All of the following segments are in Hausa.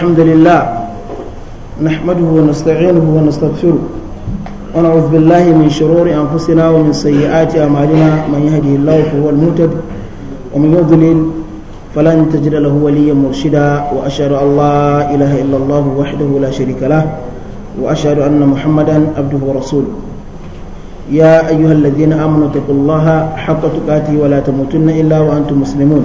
الحمد لله نحمده ونستعينه ونستغفره ونعوذ بالله من شرور أنفسنا ومن سيئات أعمالنا من يهده الله فهو المهتد ومن يضلل فلن تجد له وليا مرشدا وأشهد أن لا إله إلا الله وحده لا شريك له وأشهد أن محمدا عبده ورسوله يا أيها الذين آمنوا اتقوا الله حق تقاته ولا تموتن إلا وأنتم مسلمون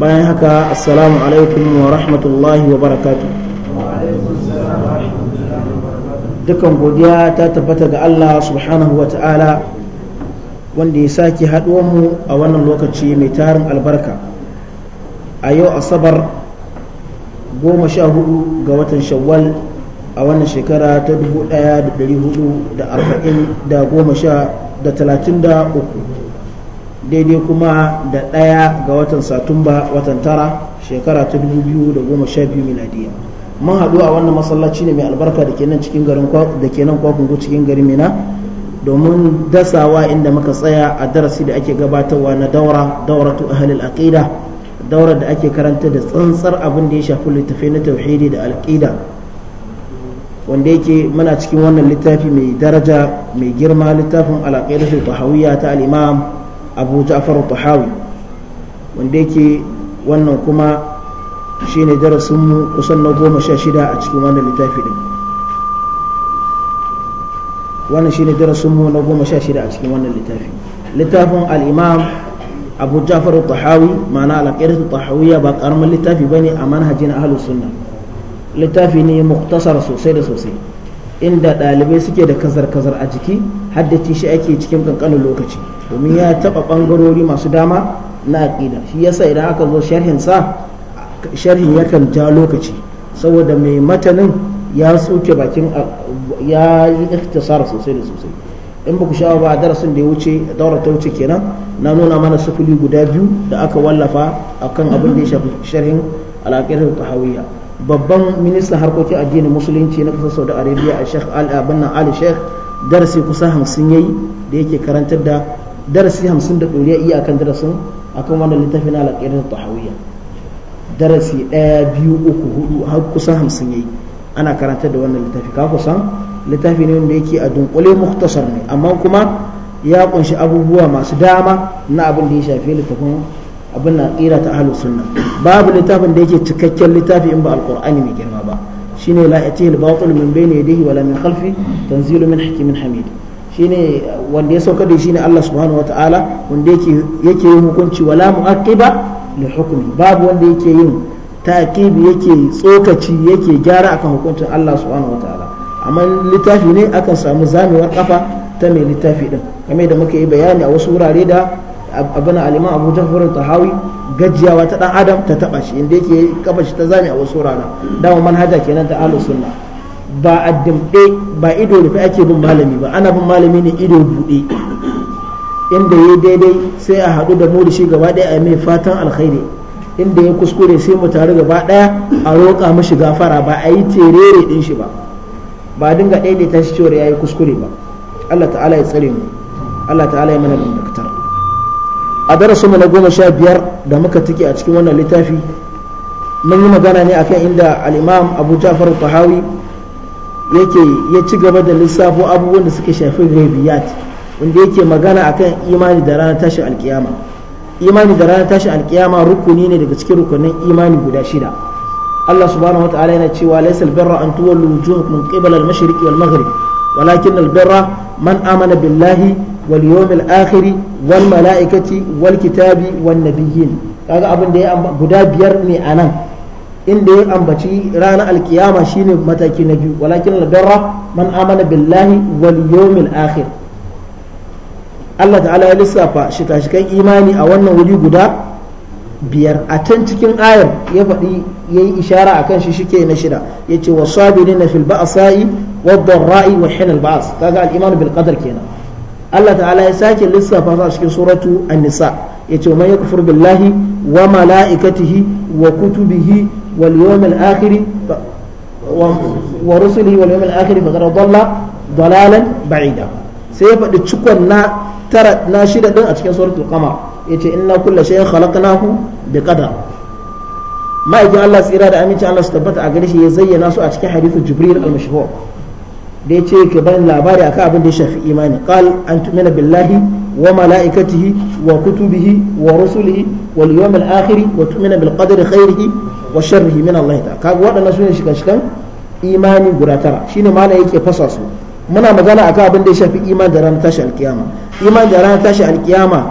bayan haka assalamu alaikum wa rahmatullahi wa barakatu dukan godiya ta tabbata ga Allah subhanahu wa ta'ala wanda ya sake mu a wannan lokaci mai tarin albarka a yau asabar goma sha hudu ga watan shawwal a wannan shekara ta 1440 da goma sha da talatin da uku daidai kuma da ɗaya ga watan satumba watan tara shekara ta dubu biyu da goma sha biyu miladiya mun haɗu a wannan masallaci ne mai albarka da ke nan cikin garin da ke nan kwakungu cikin garin mina domin dasawa inda muka tsaya a darasi da ake gabatarwa na daura tu ahalil aqida daura da ake karanta da tsantsar abin da ya shafi littafi na tauhidi da alƙida wanda yake muna cikin wannan littafi mai daraja mai girma littafin al'aqidatu tahawiyya ta alimam abu ja'far tahawi wanda yake wannan kuma shine mu kusan na goma sha shida a cikin wannan littafi din wannan shine darasinmu na goma sha shida a cikin wannan littafi littafin al-imam abu ja'far tahawi ma'ana al-aqidatu tahawiyya ba karamin littafi ba ne a manhajin ahlus sunna littafi ne muktasar sosai da sosai inda ɗalibai suke da kazar-kazar a jiki haddace shi ake cikin kankanin lokaci domin ya taɓa ɓangarori masu dama na aƙida shi yasa idan aka zo sharhin sa sharhin kan ja lokaci saboda mai matanin ya soke bakin ya yi ikhtisar sosai da sosai in ba ku sha ba darasin da ya wuce daura ta wuce kenan na nuna mana sufuli guda biyu da aka wallafa akan abin da ya shafi sharhin ta tahawiyya babban ministan harkokin addinin musulunci na kasar saudi arabia a sheikh al-abin ali sheikh darasi kusa hamsin yayi da yake karantar da darasi hamsin da ɗoriya iya akan darasin akan wannan littafin na alaƙirar tahawiyya darasi ɗaya biyu uku hudu har kusan hamsin yayi ana karantar da wannan littafi ka kusan littafi ne wanda yake a dunkule muktasar ne amma kuma ya kunshi abubuwa masu dama na abin da ya shafi littafin abin na kira ta ahlus sunna babu littafin da yake cikakken littafi in ba alqur'ani mai girma ba shine la yatihil batil min bayni yadihi wala min khalfi tanzilu min hakimin hamid shine wanda ya saukar da shi ne Allah subhanahu ta'ala wanda yake yake yin hukunci wala muaqiba li hukmi babu wanda yake yin takibi yake tsokaci yake gyara akan hukuncin Allah subhanahu ta'ala amma littafi ne akan samu zamewar kafa ta mai littafi din kamar da muka yi bayani a wasu wurare da abin alima abu ta hawi gajiyawa ta dan adam ta taba shi inda yake kafa shi ta zame a wasu rana dama manhaja kenan ta ahlus sunna ba addimbe ba ido rufe ake bin malami ba ana bin malami ne ido buɗe inda ya daidai sai a haɗu da mu da shi gaba ɗaya a mai fatan alkhairi inda ya kuskure sai mu taru gaba ɗaya a roƙa mashi gafara ba a yi terere ɗin shi ba ba dinga ɗaiɗaita shi cewar ya yi kuskure ba Allah ta'ala ya tsare mu Allah ta'ala ya mana daktar a darasinmu na goma sha biyar da muka take a cikin wannan littafi mun yi magana ne akan inda al'imam abu ja'far tahawi yake ya ci gaba da lissafo abubuwan da suka shafi ghaibiyat wanda yake magana akan imani da ranar tashin alkiyama imani da ranar tashin alkiyama rukuni ne daga cikin rukunin imani guda shida Allah subhanahu wataala yana cewa laysa albirra an tuwallu wujuhakum qibala al-mashriqi wal maghrib walakin albirra man amana billahi واليوم الآخر والملائكة والكتاب والنبيين kaga abin da ya guda biyar ne a nan inda ya ambaci ranar alkiyama shine mataki na biyu walakin ladarra man amana billahi wal yawmil akhir Allah ta'ala ya lissafa shika-shikan imani a wannan wuri guda biyar a can cikin ayar ya faɗi ya yi ishara a kan shi shike na shida ya ce wasu sabirin na fil ba'asa'i wa rai wa hinal ba'as kaga al-iman bil qadar kenan Allah ta'ala ya sake lissafa su a cikin suratu an-nisa yace man yakfur billahi wa malaikatihi wa kutubihi wal yawmil akhir wa rusulihi wal yawmil akhir dhalla dalalan ba'ida sai ya faɗi cikon na tara na shida din a cikin suratul qamar yace inna kulla shay'in khalaqnahu bi qadar ma'aikin Allah tsira da aminci Allah su tabbata a gare shi ya zayyana su a cikin hadisin jibril al-mashhur da ya ce ka bani labari akan abin da ya shafi imani qal an tumina billahi wa malaikatihi wa kutubihi wa rusulihi wal yawmil akhir wa tumina bil qadri khairihi wa sharrihi min Allah ta kaga waɗannan sune shiga shikan imani guda tara shine malam yake fasa su muna magana akan abin da ya shafi imani da ranar tashi alkiyama imani da ranar tashi alkiyama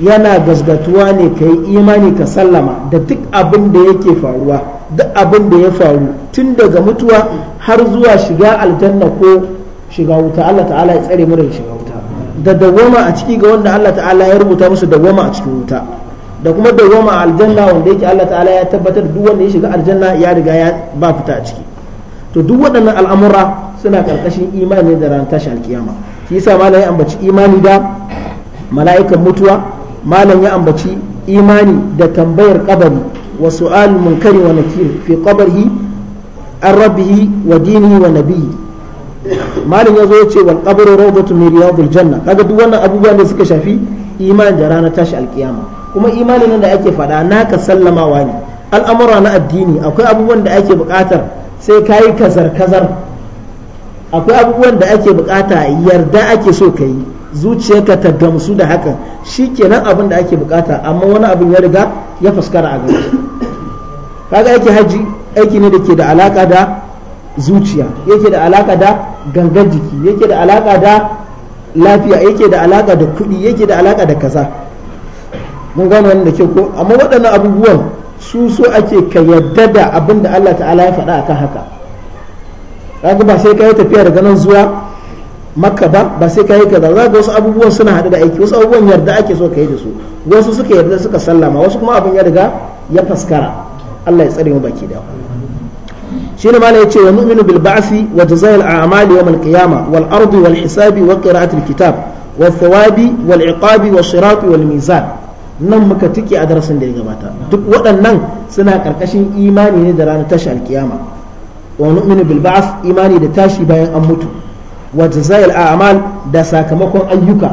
yana gazgatuwa ne kai imani ka sallama da duk abin da yake faruwa da abin da ya faru tun daga mutuwa har zuwa shiga aljanna ko shiga wuta Allah ta'ala ya tsare mu daga shiga wuta da dawwama a ciki ga wanda Allah ta'ala ya rubuta musu dawwama a cikin wuta da kuma dawwama a aljanna wanda yake Allah ta'ala ya tabbatar duk wanda ya shiga aljanna ya riga ya ba fita a ciki to duk waɗannan al'amura suna karkashin imani da ran tashi alkiyama shi yasa malam ya ambaci imani da mala'ikan mutuwa malam ya ambaci imani da tambayar kabari وسؤال المنكر ونكير في قبره عن ربه ودينه ونبيه malin ya zo ya ce wal qabru rawdatu min riyadil janna kaga duk wannan abubuwan da suka shafi imanin da rana tashi alkiyama kuma imanin nan da ake faɗa naka sallamawa ne al'amura na addini akwai abubuwan da ake buƙatar sai kayi kazar kazar akwai abubuwan da ake buƙata yarda ake so ka yi zuciyarka ta gamsu da haka shi kenan abin da ake bukata amma wani abin ya riga ya fuskara a gaba kaga aiki haji aiki ne da ke da alaka da zuciya yake da alaka da gangan jiki yake da alaka da lafiya yake da alaka da kuɗi yake da alaka da kaza mun gano wannan da ke ko amma waɗannan abubuwan su so ake ka yadda da abin da Allah ta'ala ya faɗa akan haka kaga ba sai ka yi tafiya daga nan zuwa makka ba ba sai ka yi kaza za ga wasu abubuwan suna haɗu da aiki wasu abubuwan yarda ake so ka yi da su wasu suka yarda suka sallama wasu kuma abin ya riga ya faskara Allah ya tsare mu baki da shine mala yace wa muminu bil ba'si wa jazaa'il a'mali yawm al qiyamah wal ardi wal hisabi wa qira'ati al kitab wa thawabi wal iqabi wa sirati wal mizan nan muka tike a darasin da ya gabata duk waɗannan suna karkashin imani ne da ranar tashi al kiyama wa nu'minu bil ba'th imani da tashi bayan an mutu wa jazayil a'mal da sakamakon ayyuka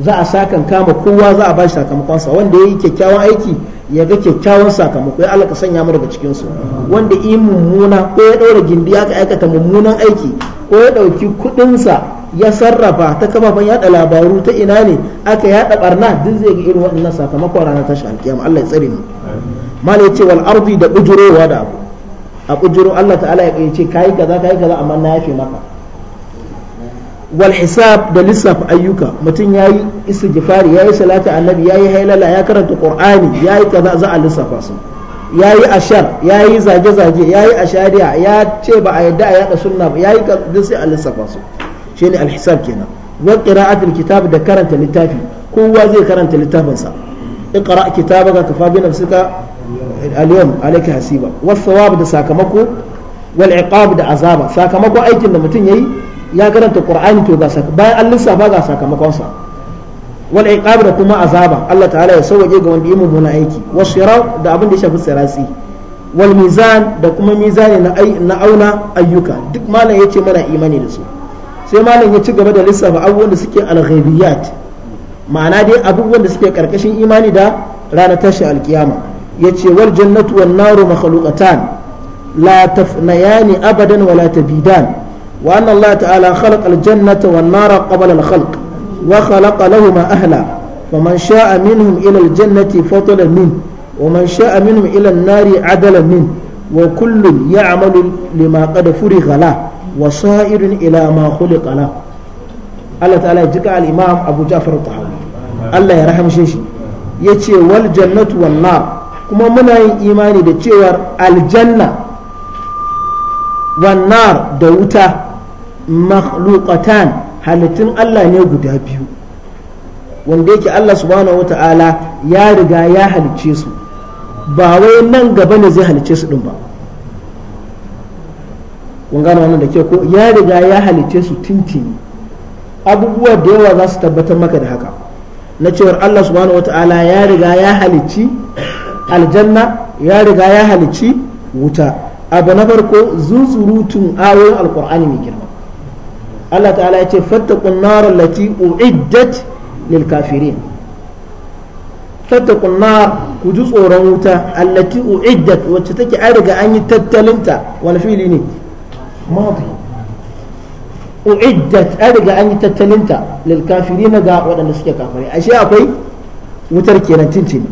za a sakan kama kowa za a ba shi sakamakon sa wanda yi kyakkyawan aiki ya ga kyakkyawan sakamako ya Allah ka sanya mu daga cikin su wanda yi mummuna ko ya daura gindi aka aikata mummunan aiki ko ya dauki kudin sa ya sarrafa ta kafafen yada labaru ta ina ne aka yada barna duk zai ga irin waɗannan sakamakon ranar tashin alkiyama Allah ya tsare mu mal ya ce wal ardi da bujurowa da abu a bujuro Allah ta'ala ya ce kai kaza kai kaza amma na yafe maka wal da lissaf ayyuka mutum ya yi istighfari ya yi salatu annabi ya yi hailala ya karanta qur'ani ya yi kaza za a lissafa su ya yi ashar ya yi zage-zage ya yi ashariya ya ce ba a yadda a yaɗa sunna ba ya yi kaza a lissafa shi ne alhisab kenan wa qira'atul kitab da karanta littafi kowa zai karanta littafinsa iqra kitabaka kafa bi hasiba da sakamako da azaba sakamako aikin da mutum yi. ya karanta qur'ani to ga bayan an lissafa ga sakamakon sa wal iqab da kuma azaba Allah ta'ala ya sauke ga wanda yi mummunan aiki wasira da abin da ya shafi sirasi wal mizan da kuma mizani na na auna ayyuka duk malam yace mana imani da su sai malam ya ci gaba da lissafa abubuwan da suke al ma'ana dai abubuwan da suke karkashin imani da ranar tashi alkiyama yace wal jannatu wan naru makhluqatan la tafnayani abadan wala tabidan وأن الله تعالى خلق الجنة والنار قبل الخلق وخلق لهما أهلا فمن شاء منهم إلى الجنة فضلا منه ومن شاء منهم إلى النار عدلا منه وكل يعمل لما قد فرغ له وصائر إلى ما خلق له الله تعالى يجيك الإمام أبو جعفر الطحاوي الله يرحم شيشي يتي والجنة والنار كما منا إيماني بتشير الجنة والنار دوتا makhluqatan halittun Allah ne guda biyu wanda yake Allah subhanahu wata'ala ya riga ya halicce su ba wai nan gaba ne zai halicce su din ba kun gano wannan da ke ko ya riga ya halicce su tintini abubuwa da yawa za su tabbatar maka da haka na cewar Allah subhanahu wata'ala ya riga ya halicci aljanna ya riga ya halicci wuta abu na farko zuzurutun ayoyin alkur'ani mai girma Allah ta'ala ya ce fattakun narar lati u'iddat lil kafirin fattakun nar ku ji tsoron wuta allati u'iddat wacce take an riga an yi tattalinta wani fili ne mafi u'iddat an riga an yi tattalinta lil kafirin ga waɗanda suke kafare ashe akwai wutar kenan cincin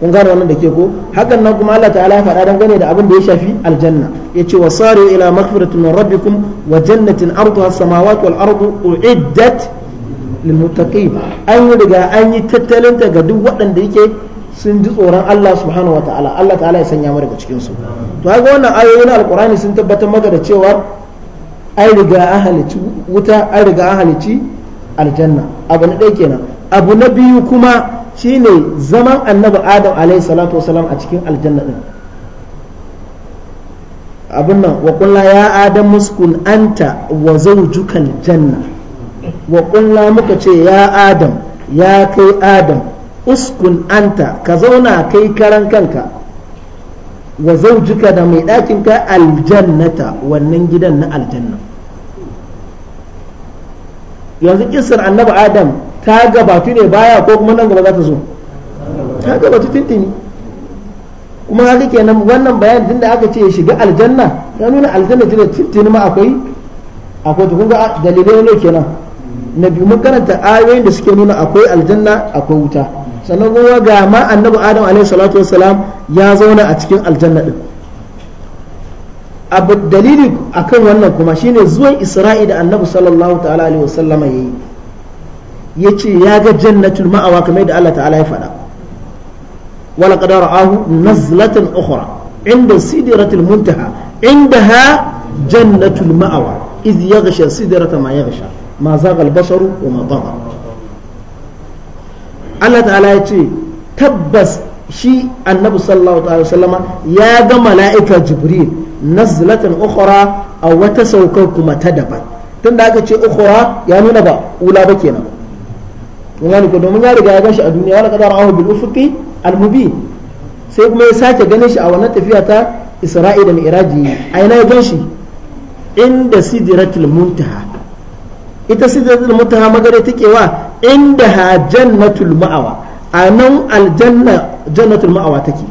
kun gane wannan da ke ko hakan nan kuma Allah ta'ala faɗa dangane da abin da ya shafi aljanna yace wa sari ila maghfiratin min rabbikum wa jannatin arduha as-samawati wal ardu uiddat lil muttaqin an yi daga an yi tattalinta ga duk waɗanda yake sun ji tsoron Allah subhanahu wa ta'ala Allah ta'ala ya sanya mu daga cikin su to haka wannan ayoyi na alqur'ani sun tabbatar maka da cewa an riga an wuta ai riga ahalici halici aljanna abu na ɗaya kenan abu na biyu kuma shine zaman annabi adam alaihi salatu wasalam a cikin aljanna din abin nan wa kulla ya adam muskun anta wa zawjukal janna wa kulla muka ce ya adam ya kai adam uskun anta ka zauna kai karan kanka wa zawjuka da mai ɗakin ka aljannata wannan gidan na aljanna yanzu kisar annabi adam ta gabatu ne baya ko kuma nan gaba za ta zo ta gabatu tintini kuma haka kenan wannan bayan din da aka ce ya shiga aljanna ya nuna aljanna tana tintini ma akwai akwai tukun ga dalilai ne kenan na biyu mun karanta ayoyin da suke nuna akwai aljanna akwai wuta sannan kuma ga ma annabi adam alaihi salatu wassalam ya zauna a cikin aljanna din abu dalili akan wannan kuma shine zuwan isra'i da annabi sallallahu ta'ala alaihi wasallama yayi ya ce ya ga jannatul ma'awa kamar da Allah ta'ala ya faɗa wala qad ra'ahu nazlatan ukhra inda sidratil muntaha indaha jannatul ma'awa iz yaghsha sidrata ma yaghsha ma zaga al-basaru wa ma dagha Allah ta'ala ya ce tabbas shi annabi sallallahu alaihi wasallama ya ga mala'ika jibril nazlatan ukhra a wata saukar kuma ta daban tunda aka ce ukhra ya nuna ba ula ba kenan kun gane ko domin ya riga ya gashi a duniya wala qadara ahu bil ufuqi al mubin sai kuma ya sake ganin shi a wannan tafiya ta Isra'i da Mi'raji a ina ya ganshi inda sidratul muntaha ita sidratul muntaha magare take wa inda ha jannatul ma'awa a nan aljanna jannatul ma'awa take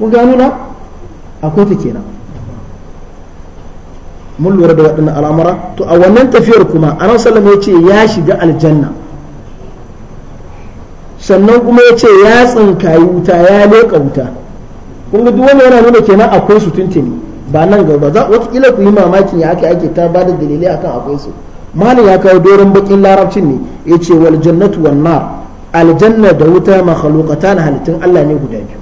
mun gano na akwai ta kenan mun lura da waɗannan al'amura to a wannan tafiyar kuma anan sallama ya ce ya shiga aljanna sannan kuma ya ce ya tsinkayi wuta ya leƙa wuta kun ga duk wanda yana nuna kenan akwai su tuntuni ba nan gaba za watakila ku yi mamakin ya ake ake ta ba da dalilai akan akwai su malin ya kawo doron bakin larabcin ne ya ce wal jannatu wal nar aljanna da wuta na halittun Allah ne guda biyu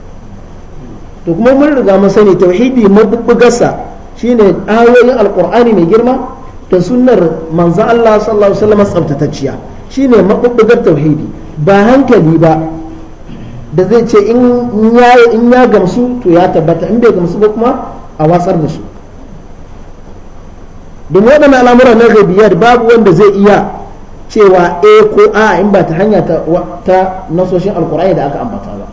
to kuma mun riga mun sani tauhidi mabubbugarsa shine ayoyin alqur'ani mai girma da sunnar manzo Allah sallallahu alaihi wasallam tsaftatacciya shine mabubbugar tauhidi ba hankali ba da zai ce in ya gamsu to ya tabbata in bai gamsu ba kuma a watsar da su domin waɗanda al'amura na rabiyar babu wanda zai iya cewa a ko a in ba ta hanya ta nasoshin alkur'ani da aka ambata ba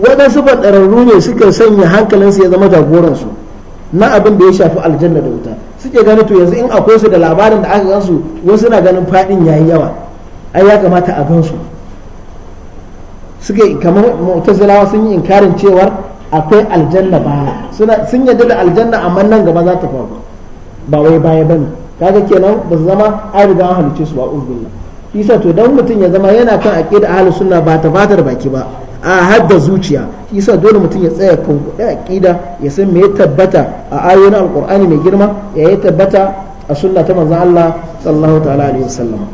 waɗansu faɗararru ne suka sanya hankalinsu ya zama jagoransu na abin da ya shafi aljanna da wuta suke gani to yanzu in akwai su da labarin da aka gansu wasu na ganin faɗin yayi yawa ai ya kamata a su suke kamar mu'tazilawa sun yi inkarin cewa akwai aljanna ba suna sun yadda da aljanna amma nan gaba za ta faru ba wai baya ba ne kaga kenan ba su zama an riga an halice su ba uzbillah isa to dan mutum ya zama yana kan aqida ahlus sunna ba ta fatar baki ba a hadda zuciya isa dole mutum ya tsaya kan kuɗa aqida ya san me ya tabbata a ayoyin alqur'ani mai girma ya ya tabbata a sunna ta manzon Allah sallallahu ta'ala alaihi wasallam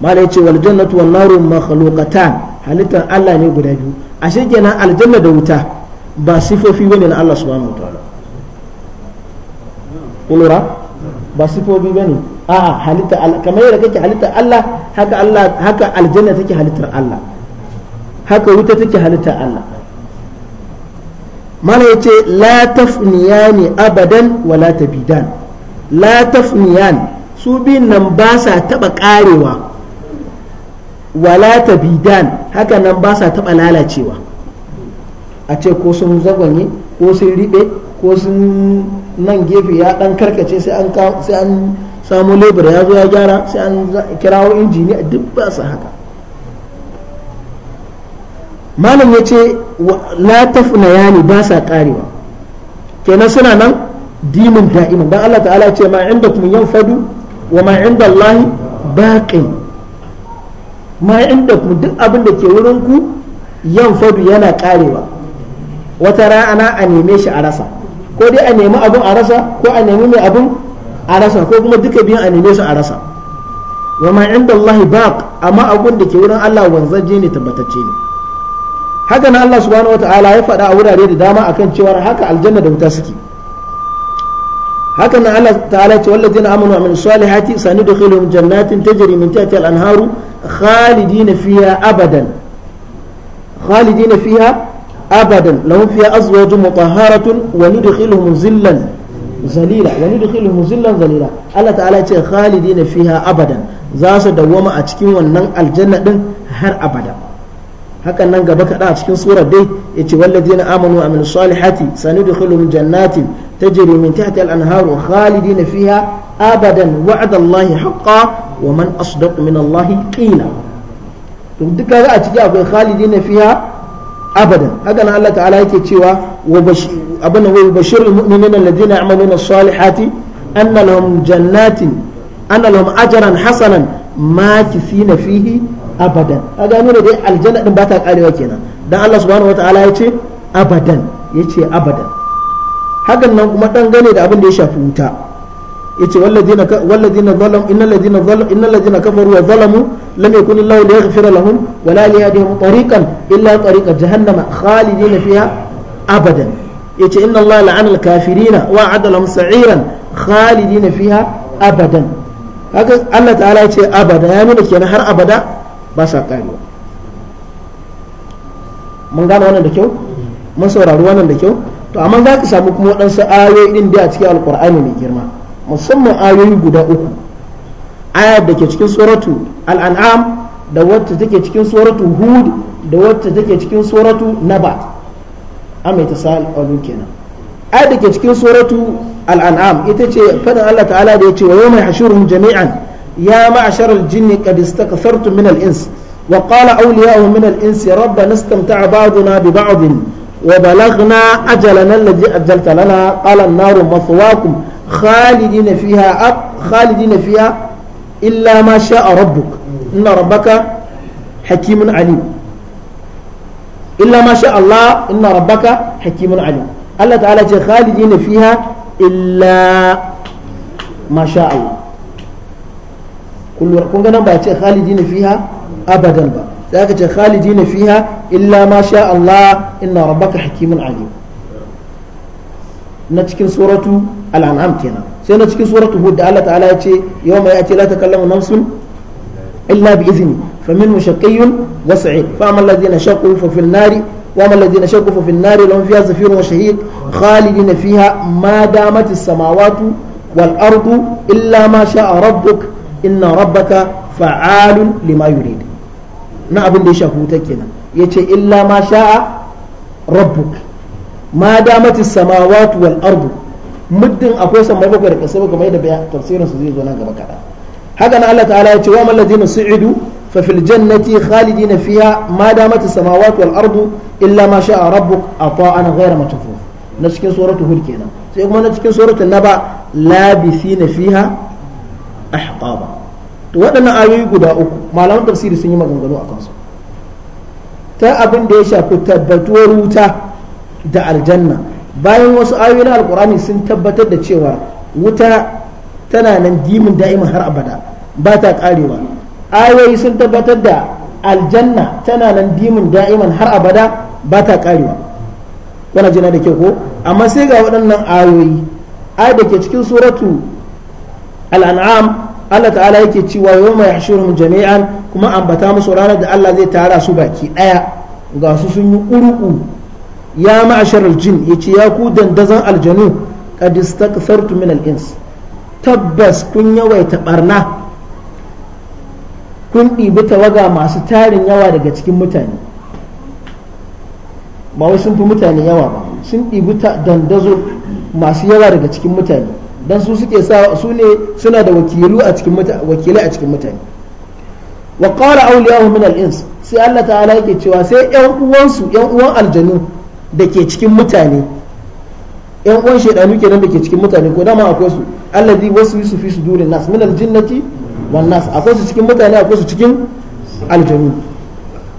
malai ce wal jannatu wan naru makhluqatan halittar Allah ne guda biyu ashe kenan aljanna da wuta ba sifofi bane na Allah subhanahu ta'ala kulura ba sifofi bane a halitta kamar yadda kake halitta Allah haka Allah haka aljanna take halittar Allah haka wuta take halittar Allah mala yace la tafniyani abadan wala tabidan la tafniyan su biyun nan ba sa taɓa karewa. wala bidan haka nan ba sa taɓa lalacewa a ce ko sun zagwanye ko sun riɓe ko sun nan gefe ya ɗan karkace sai an samu lebur ya zo ya gyara sai an kirawo injini a duk ba su haka malam ya ce la tafna ne ba sa karewa kenan suna nan dimin da'iman don Allah ta'ala ce ma inda kuma yan fadu wa ma inda Allah baƙin. ma inda ku duk abin da ke wurin ku yan fadu yana karewa wata rana a neme shi a rasa ko dai a nemi abin a rasa ko a nemi mai abin a rasa ko kuma duka biyan a neme su a rasa wa ma inda Allah baq amma abin da ke wurin Allah wanzaje ne tabbatacce ne haka na Allah subhanahu wataala ya faɗa a wurare da dama akan cewa haka aljanna da wuta suke haka nan Allah ta'ala ce wallazina amanu wa min salihati sanudkhiluhum jannatin tajri min tahtiha al-anharu khalidina fiha abadan khalidina fiha abadan lahum fiha azwajun mutahharatun wa nudkhiluhum zillan zalila wa nudkhiluhum zillan zalila Allah ta'ala ce khalidina fiha abadan za su dawwama a cikin wannan aljanna din har abada hakan nan gaba kaɗa a cikin surar dai ya ce wallazi na amanu wa amin salihati sani da khulun ta jiri min tahta al'anharu khalidi na fiha abadan wa'ad Allahi haqqa wa man asdaq min Allahi qila to duka a ciki akwai khalidi na fiha abadan haka nan Allah ta'ala yake cewa wa wa bashirul mu'minina alladhina ya'maluna salihati anna lahum jannatin anna lahum ajran hasanan abadan a gano da dai aljanna din ba ta karewa kenan dan Allah subhanahu wataala ya ce abadan ya ce abadan hakan nan kuma dangane da abin da ya shafi wuta yace walladina walladina zalam innal ladina zalam innal ladina kafaru wa zalamu lam yakun Allah liyaghfira lahum wa la liyahdihim tariqan illa tariqa jahannama khalidina fiha abadan yace inna Allah la'ana al-kafirina wa 'adda lahum sa'iran khalidina fiha abadan haka Allah ta'ala ya abada ya nuna kenan har abada ba sa karewa mun gane wannan da kyau mun saurari wannan da kyau to amma za ka samu kuma waɗansu ayoyi ɗin da a cikin alkur'ani mai girma musamman ayoyi guda uku ayar da ke cikin suratu al'an'am da wacce take cikin suratu hud da wacce take cikin suratu naba amma ta sa alu kenan ayar da ke cikin suratu al'an'am ita ce faɗin allah ta'ala da ya ce wa yau mai hashirin jami'an يا معشر الجن قد استكثرتم من الإنس وقال أولياء من الإنس ربنا استمتع بعضنا ببعض وبلغنا أجلنا الذي أجلت لنا قال النار مثواكم خالدين فيها أب خالدين فيها إلا ما شاء ربك إن ربك حكيم عليم إلا ما شاء الله إن ربك حكيم عليم الله تعالى خالدين فيها إلا ما شاء الله kullum kun ga nan ba ce khalidina fiha abadan ba sai aka ce khalidina fiha illa ma sha Allah inna rabbaka hakimun alim na cikin suratu al'an'am kenan sai na cikin suratu hud da Allah ta'ala ya ce yau ya ce la takallamu nafsun illa bi izini fa min mushaqiyyun wa sa'id fa amma alladhina shaqu fa fil nari wa amma alladhina shaqu fa fil nari lahum fiha zafirun wa shahid khalidina fiha ma damat as-samawati wal ardu illa ma sha'a rabbuk inna rabbaka fa'alun lima yurid na abin da ya shafi wuta kenan yace illa ma sha'a rabbuk ma damatis samawati wal ardu muddin akwai sama bakwai da kasai bakwai mai baya bayan tafsirin su zai zo nan gaba kada haka na Allah ta'ala ya ce wa mallazina su'idu fa fil jannati khalidina fiha ma damat as-samawati wal ardu illa ma sha'a rabbuk ata'an ghayra matfuf na cikin suratul hud kenan sai kuma na cikin suratul naba labisina fiha ahqaba to waɗannan ayoyi guda uku malaman tafsiri sun yi maganganu a kansu ta abin da ya shafi tabbatuwar wuta da aljanna bayan wasu ayoyi na alkurani sun tabbatar da cewa wuta tana nan dimin da'iman har abada ba ta karewa ayoyi sun tabbatar da aljanna tana nan dimin da'iman har abada ba ta karewa wana jina da ke ko amma sai ga waɗannan ayoyi ayat da ke cikin suratu al'an'am Allah ta'ala yake cewa yau mai hashirin jami'an kuma ambata musu ranar da Allah zai tara su baki ɗaya ga su sun yi ƙuru'u. ya ma'ashar jin ya ce ya ku dandazon aljanu a istakfartu min tabbas kun yawaita barna kun ɗibi tawaga masu tarin yawa daga cikin mutane ba wai sun fi mutane yawa ba sun ɗibi dandazo masu yawa daga cikin mutane dan su suke sa su ne suna da wakilu a cikin wakilai a cikin mutane wa qala awliyahu min al-ins sai Allah ta'ala yake cewa sai ƴan uwansu ƴan uwan aljanu da ke cikin mutane ƴan uwan shaidanu kenan da ke cikin mutane ko dama akwai su allazi su fi su dure nas min al-jinnati wan nas akwai su cikin mutane akwai su cikin aljanu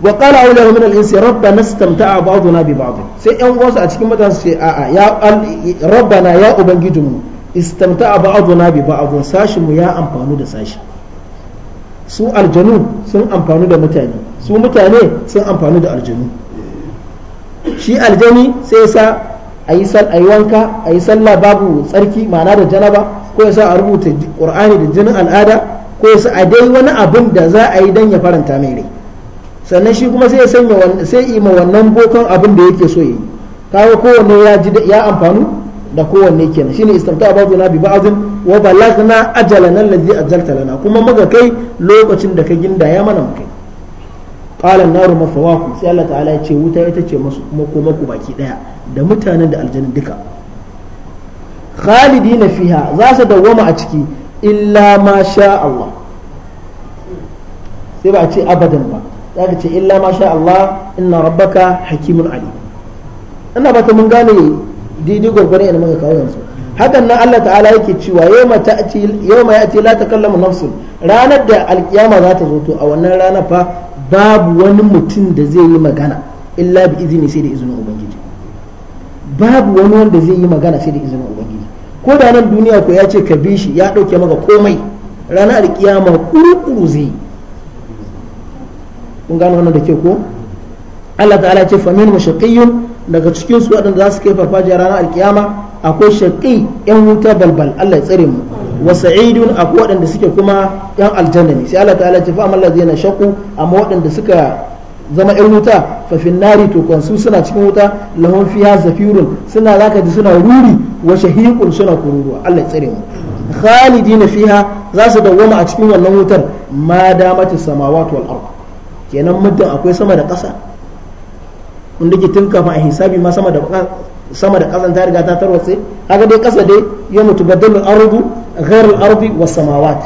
wa qala awliyahu min al-ins rabbana istamta'a ba'duna bi ba'd sai ƴan uwansu a cikin mutane sai a'a ya rabbana ya ubangijinmu istamta abu bi ba'd sashin mu ya amfanu da sashi su aljanu sun amfanu da mutane su mutane sun amfanu da aljanu shi aljani sai sa a yi wanka a yi sallah babu tsarki ma'ana da janaba ko ya sa a rubuta qur'ani da jinin al'ada ko ya sa a dai wani abin da za a yi dan ya faranta mai rai sannan shi kuma sai ya sanya sai ima wannan bokon abin da yake so ya yi kawo kowanne ya amfanu da kowanne kenan shine istamta ba'du na bi ba'din wa balagna ajalana allazi ajalta lana kuma muka kai lokacin da ka ginda ya mana mu kai qala an-naru mafawaku sai Allah ta'ala ya ce wuta ita ce masu kuma baki daya da mutanen da aljanna duka khalidina fiha za su dawwama a ciki illa ma sha Allah sai ba a ce abadan ba za ka ce illa ma sha Allah inna rabbaka hakimun alim ina ba ta mun gane daidai gwargwaron ilimin ka kawo yanzu hakan nan Allah ta'ala yake cewa yawma ya'ti la takallamu nafsu ranar da alkiyama za ta zo to a wannan rana fa babu wani mutum da zai yi magana illa bi izini sai da izinin ubangiji babu wani wanda zai yi magana sai da izinin ubangiji ko da nan duniya ko ya ce ka bi shi ya dauke maka komai ranar alkiyama kurukuru zai kun gano wannan da ke ko Allah ta'ala ce famin mashaqiyyun daga cikin su waɗanda za su kai farfajiyar ranar alkiyama akwai shaƙi yan wuta balbal Allah ya tsare mu wa sa'idun akwai waɗanda suke kuma yan aljanna ne sai Allah ta'ala ce fa amma allazina shaqu amma waɗanda suka zama yan wuta fa fin nari suna cikin wuta lahum fiha zafirun suna zaka ji suna ruri wa shahiqun suna kururuwa Allah ya tsare mu khalidina fiha za su dawwama a cikin wannan wutar ma damati samawati wal ard kenan muddin akwai sama da ƙasa wanda ke tun kafa a hisabi ma sama da sama da kasan ta riga ta tarwatse haka dai kasa dai ya mutu badal al-ardu ghayr al-ardi was samawat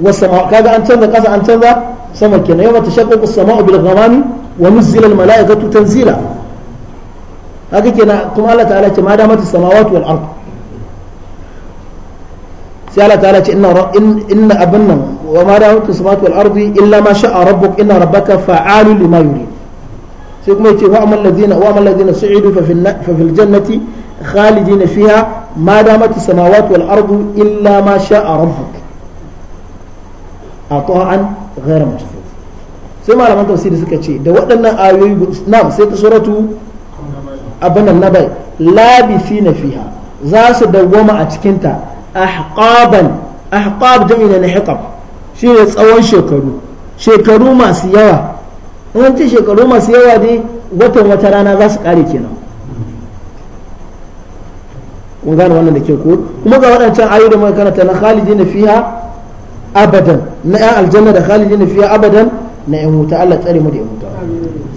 was samawat kaga an canza kasa an canza sama kenan yawma tashaqqaqu as-sama'u bil ghamami wa nuzila al-mala'ikatu tanzila haka kenan kuma Allah ta'ala ce ma damatu samawati wal ardu sai Allah ta'ala ce inna inna abunnan wa ma damatu samawati wal ardi illa ma sha'a rabbuk inna rabbaka fa'alu lima yurid sai kuma yace wa amal ladina wa amal ladina su'idu fa fil jannati khalidina fiha ma damat samawati wal ardu illa ma sha'a rabbuk ata'an ghayra majfuz sai malaman tafsiri suka ce da waɗannan ayoyi na'am sai ta suratu abanan nabai na fiha za su dawwama a cikinta ahqaban ahqab jami'in na hiqab shi ne tsawon shekaru shekaru masu yawa yawancin shekaru masu yawa dai watan wata rana za su kare kenan kun gane wannan da ke ko kuma ga waɗancan ayoyi da muka karanta na khalidin fiha abadan na yan aljanna da na fiha abadan na yan wuta Allah tsare mu da yan wuta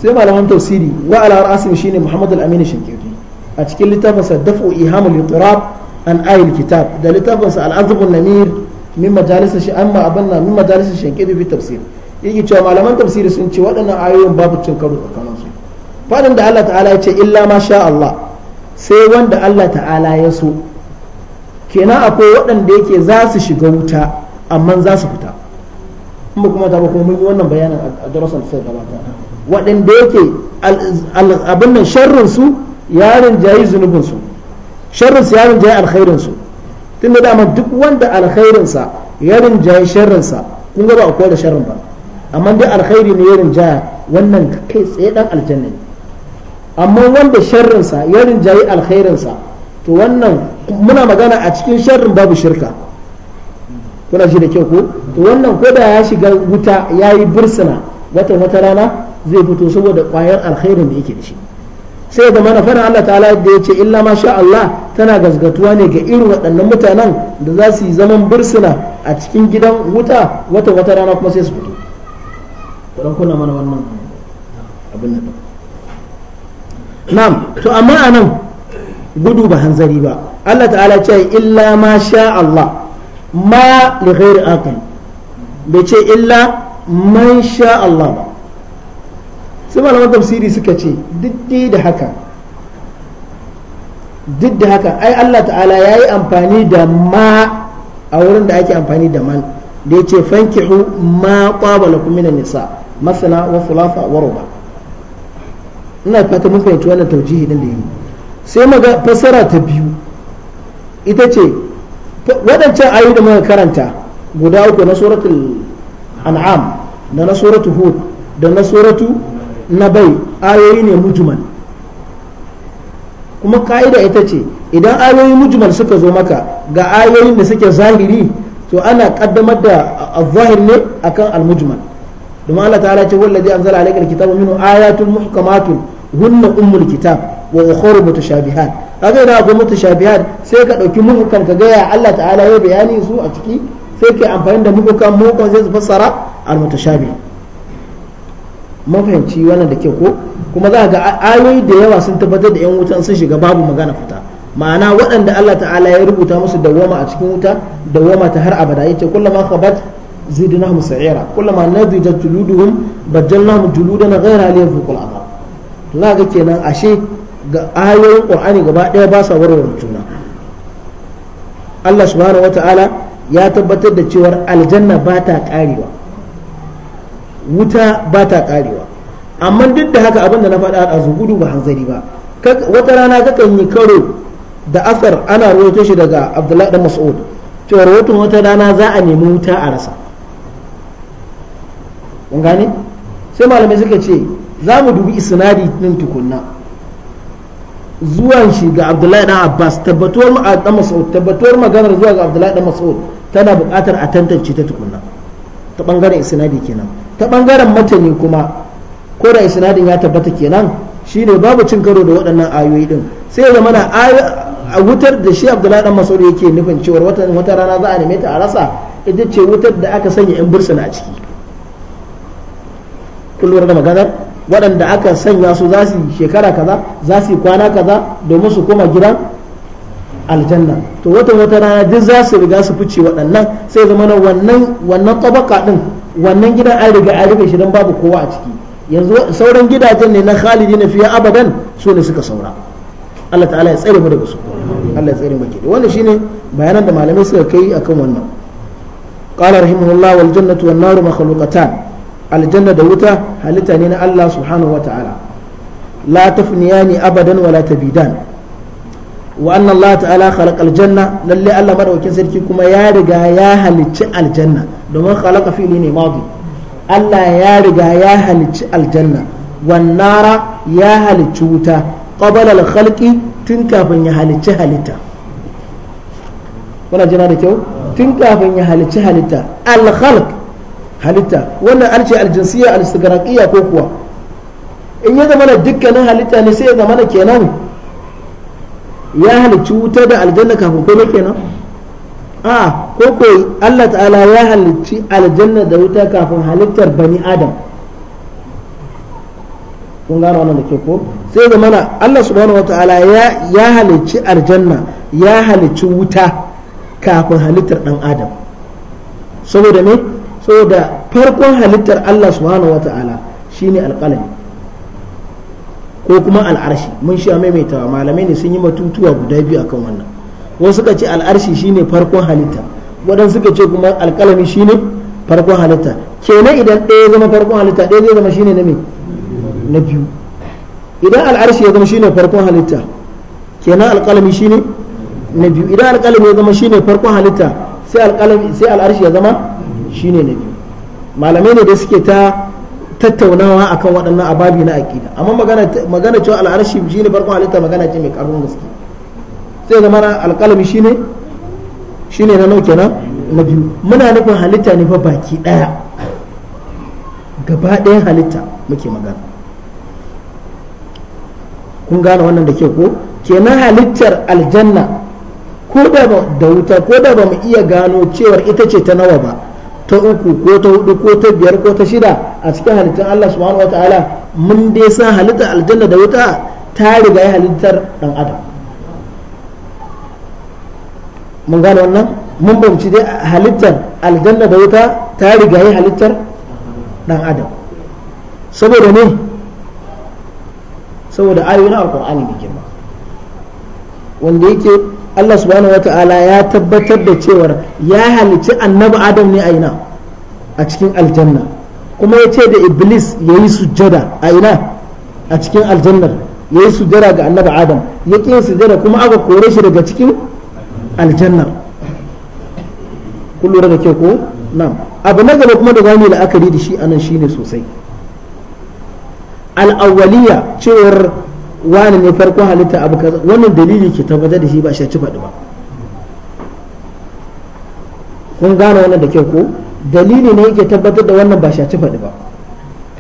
sai malaman tafsiri wa ala rasim shine Muhammad al-Amin Shinkiti a cikin littafin dafu ihamul turab an ayil kitab da littafinsa sa al-azbun namir min majalisa shi amma abanna min majalis fi yake cewa malaman tafsiri sun ce waɗannan ayoyin babu cin karo tsakanin su fadin da Allah ta'ala ya ce illa ma sha Allah sai wanda Allah ta'ala ya so kenan akwai waɗanda yake za su shiga wuta amma za su fita in ba kuma ta ba kuma mun yi wannan bayanin a darasan da gabata waɗanda yake abin nan sharrin su yarin jayi zunubin su sharrin su yarin jayi alkhairin su tunda dama duk wanda alkhairin sa yarin jayi sharrin sa kun ga ba akwai da sharrin ba amma dai alkhairi ne yarin ja wannan kai tsaye dan aljanna ne amma wanda sharrinsa yarin jayi alkhairinsa to wannan muna magana a cikin sharrin babu shirka kuna shi da kyau ko to wannan ko da ya shiga wuta ya bursuna watan wata rana zai fito saboda kwayar alkhairin da yake da shi sai da mana fara Allah ta'ala da ya ce illa ma sha Allah tana gasgatuwa ne ga irin waɗannan mutanen da za su yi zaman bursuna a cikin gidan wuta wata wata rana kuma sai su fito kudan kuna mana wannan abin nan na'am to amma nan gudu ba hanzari ba Allah ta'ala ce illa ma sha Allah ma li ghairi aqil bai ce illa man sha Allah ba sai malaman tafsiri suka ce duk da haka duk da haka ai Allah ta'ala ya yi amfani da ma a wurin da ake amfani da man da ya ce fankihu ma qabala kum minan nisa' masana wa thulatha wa ruba ina fata mun fahimci wannan taujihi din da yi sai maga fasara ta biyu ita ce waɗancan ayoyi da muka karanta guda uku na suratul an'am da na suratul hud da na suratul nabai ayoyi ne mujmal kuma ka'ida ita ce idan ayoyi mujmal suka zo maka ga ayoyin da suke zahiri to ana kaddamar da zahir ne akan al-mujmal domin Allah ta'ala ce wallazi anzala alayka aya tun ayatun muhkamatun hunna ummul kitab wa ukhra mutashabihat kaga idan akwai mutashabihat sai ka dauki muhkam ka ga ya Allah ta'ala ya bayani su a ciki sai ka amfani da muhkam muhkam sai su fassara al mutashabih mafahimci wannan da ke ko kuma za ga ayoyi da yawa sun tabbatar da yan wutan sun shiga babu magana fita ma'ana waɗanda Allah ta'ala ya rubuta musu dawwama a cikin wuta dawwama ta har abada yace kullama khabat زدناهم سعيرا كلما نضجت جلودهم بدلناهم جلودا غيرها ليذوقوا kenan ashe كينا أشي آية القرآن gaba ɗaya ba sa warware juna Allah subhanahu wataala ya tabbatar da cewar aljanna ba ta karewa wuta ba ta karewa amma duk da haka abin da na faɗa a gudu ba hanzari ba wata rana kakan yi karo da asar ana ta shi daga Abdullahi da Mas'ud cewa rawaitun wata rana za a nemi wuta a rasa kun gane sai malamai suka ce za mu dubi isnadi din tukunna zuwan shi ga abdullahi dan abbas tabbatuwar dan mas'ud tabbatuwar maganar zuwa ga abdullahi dan mas'ud tana buƙatar a tantance ta tukunna ta bangaren isnadi kenan ta bangaren matani kuma ko da isnadin ya tabbata kenan shine babu cin karo da waɗannan ayoyi din sai zama na a wutar da shi abdullahi dan mas'ud yake nufin cewa wata rana za a neme ta a rasa ita ce wutar da aka sanya yan bursuna a ciki lura da maganar waɗanda aka sanya su za su shekara kaza za su kwana kaza domin su koma gidan aljanna to wata wata rana duk za su riga su fice waɗannan sai zama na wannan wannan tabaka din wannan gidan an riga an shi dan babu kowa a ciki yanzu sauran gidajen ne na khalidi na fiye abadan su ne suka saura Allah ta'ala ya tsare mu daga su Allah ya tsare mu ke wannan shine bayanan da malamai suka kai akan wannan qala rahimahullah wal jannatu wan naru makhluqatan aljanna da wuta halitta ne na Allah subhanahu wa ta'ala la ni abadan wala tabidan wa anna Allah ta'ala khalaqa aljanna lalle Allah madaukakin sarki kuma ya riga ya halicci aljanna domin khalaqa fi'li ne madi Allah ya riga ya halicci aljanna wan nara ya halicci wuta qabala al-khalqi tun kafin ya halicci halitta kuna jira da kyau tun kafin ya halicci halitta al-khalq halitta wannan alce aljinsiya alistigraqiya ko kuwa in ya zama da dukkanin halitta ne sai ya zama da kenan ya halicci wuta da aljanna kafin komai kenan a ko ko Allah ta'ala ya halicci aljanna da wuta kafin halittar bani adam kun gano wannan da ke ko sai zama na Allah subhanahu wata'ala ya ya halicci aljanna ya halicci wuta kafin halittar dan adam saboda ne saboda farkon halittar Allah subhanahu wa ta'ala shine alƙalami ko kuma al'arshi mun sha maimaitawa malamai ne sun yi matutuwa guda biyu akan wannan wasu suka ce al'arshi shine farkon halitta waɗansu suka ce kuma alƙalami shine farkon halitta kenan idan ɗaya zama farkon halitta ɗaya zai zama shine na me na biyu idan al'arshi ya zama shine farkon halitta kenan alƙalami shine na biyu idan alƙalami ya zama shine farkon halitta sai alƙalami sai al'arshi ya zama ne na biyu malamai ne da suke ta tattaunawa akan waɗannan ababi na aƙida amma magana cewa al'arshi shi ne farkon halitta magana ce mai ƙarfin gaske sai zama na alƙalami shi ne shi ne na nauke kenan na biyu muna nufin halitta ne fa baki ɗaya gaba ɗayan halitta muke magana kun gane wannan da ke ko kenan halittar aljanna ko da da wuta ko da ba mu iya gano cewar ita ce ta nawa ba ta uku ko ta hudu ko ta biyar ko ta shida a cikin halittar Allah subhanahu ta'ala mun dai san halittar aljanna da wuta ta riga ya halittar dan adam mun gane wannan mun bamci dai halittar aljanna da wuta ta riga ya halittar dan adam saboda ne saboda ayoyin alqur'ani ne girma wanda yake Allah subhanahu ta'ala ya tabbatar da cewar ya halici annabi adam ne a ina a cikin aljanna kuma ya ce da iblis ya yi sujjada a ina a cikin aljannar ya yi sujjada ga annabi adam ya ƙi sujjada kuma aka kore shi daga cikin aljannar kun lura da kyau ko na abu na gaba kuma da za mu la'akari da shi anan shine sosai Al'awaliya cewar wani ne farkon halitta abu kaza wannan dalili ke tabbatar da shi ba shi faɗi ba kun gane wannan da kyau ko dalili ne yake tabbatar da wannan ba ci faɗi ba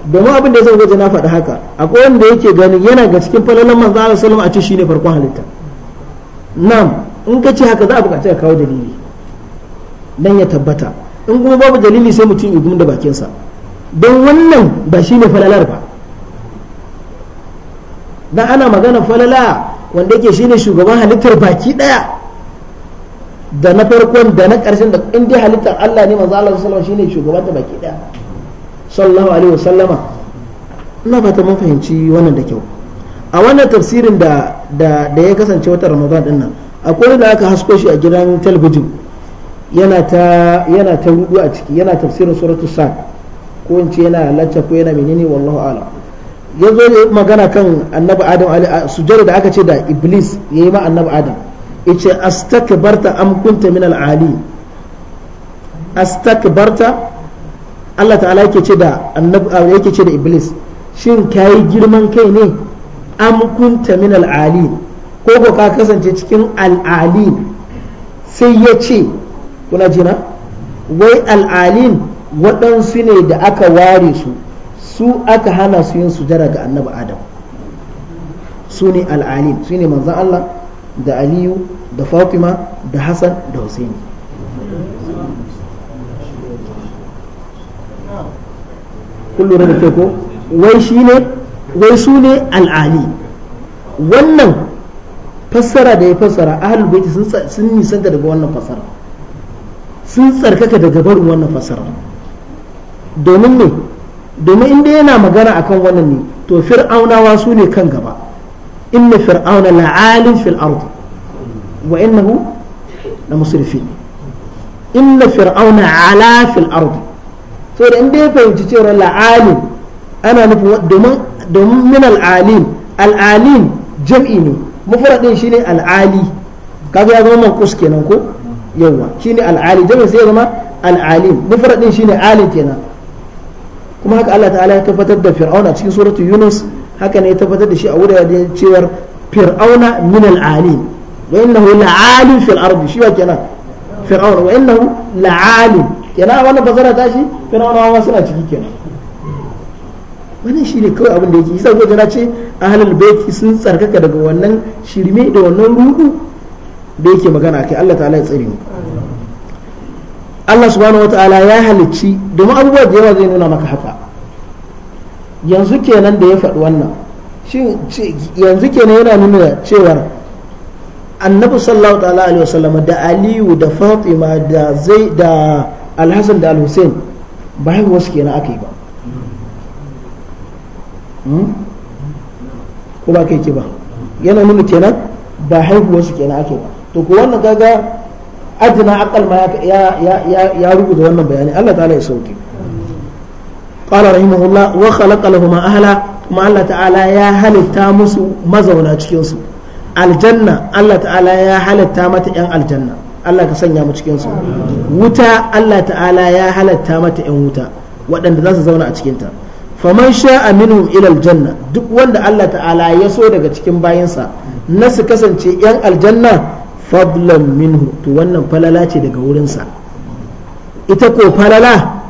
domin abin da zan gwaje na faɗi haka akwai wanda yake gani yana ga cikin falalan manzo Allah sallallahu alaihi wasallam a ce farkon halitta nan in ka ce haka za a buƙaci ka kawo dalili dan ya tabbata in kuma babu dalili sai mutum ya gumda bakin sa don wannan ba shine falalar ba dan ana magana falala wanda yake shine shugaban halittar baki daya da na farkon da na karshen da in halittar Allah ne manzo Allah sallallahu alaihi wasallam shine shugaban ta baki daya sallallahu alaihi wasallama ina fata mun fahimci wannan da kyau a wannan tafsirin da da ya kasance wata Ramadan din nan akwai da aka hasko shi a gidan talabijin yana ta yana ta rudu a ciki yana tafsirin suratul sa ko in ce yana lacca ko yana menene wallahu a'lam ya zo ya magana kan annabi adam sujjada da aka ce da iblis ya yi ma annabi adam ya ce astakbarta am kunta min al'ali astakbarta Allah ta'ala yake ce da annabi yake ce da iblis shin kai girman kai ne am kunta min al'ali ko ko ka kasance cikin al'ali sai ya ce kuna jina wai al'alin waɗansu ne da aka ware su su aka hana su yin sujada ga annabi adam su ne al'alim su ne manzan Allah da aliyu da fatima da hassan da husaini kun lura da ko wai shi ne wai su ne al'ali wannan fassara da ya fassara ahlul baiti sun nisanta daga wannan fassara sun tsarkaka daga barin wannan fassara domin ne domin inda yana magana akan wannan ne to fir'aunawa su ne kan gaba inna fir'auna la'alin fil ardi wa innahu la musrifin inna fir'auna ala fil ard da inda ya fahimci cewa la'alin ana nufin domin domin min al'alin al'alin jam'i ne mufradin shine al'ali kaga ya zama manqus kenan ko yawa shine al'ali jam'i sai ya zama al'alin mufradin shine alim kenan kuma haka Allah ta'ala ya tabbatar da fir'auna cikin suratu yunus haka ne ya tabbatar da shi a wuraren cewar fir'auna min al'ali wa innahu la'alim fil ardi shi wa kenan fir'auna wa innahu la'alim kenan wannan bazara ta shi fir'auna ma suna ciki kenan wannan shi ne kawai abin da yake yi ko na ce ahlul baiti sun tsarkaka daga wannan shirme da wannan ruhu da yake magana kai Allah ta'ala ya tsare mu Allah subhanahu ta'ala ya halicci domin abubuwa da yawa zai nuna maka haka yanzu kenan da ya faɗi wannan yanzu kenan yana nuna cewar annabi sallallahu ta'ala alaihi wasallam da aliyu da fatima da zai da alhassan da alhussein ba wasu kenan aka yi ba hmm? ko ba kai ki ba yana nuna kenan ba wasu kenan aka yi ba to ku wannan kaga ajina akal ma ya rubuta wannan bayani Allah ta'ala ya sauke qala rahimahullah wa khalaqa lahum ahla kuma Allah ta'ala ya halitta musu mazauna cikin su aljanna Allah ta'ala ya halitta mata yan aljanna Allah ka sanya mu cikin su wuta Allah ta'ala ya halitta mata yan wuta waɗanda za su zauna a cikin ta faman sha'a minhum ila aljanna duk wanda Allah ta'ala ya so daga cikin bayinsa na su kasance yan aljanna fadlan minhu to wannan falala ce daga wurin sa ita ko falala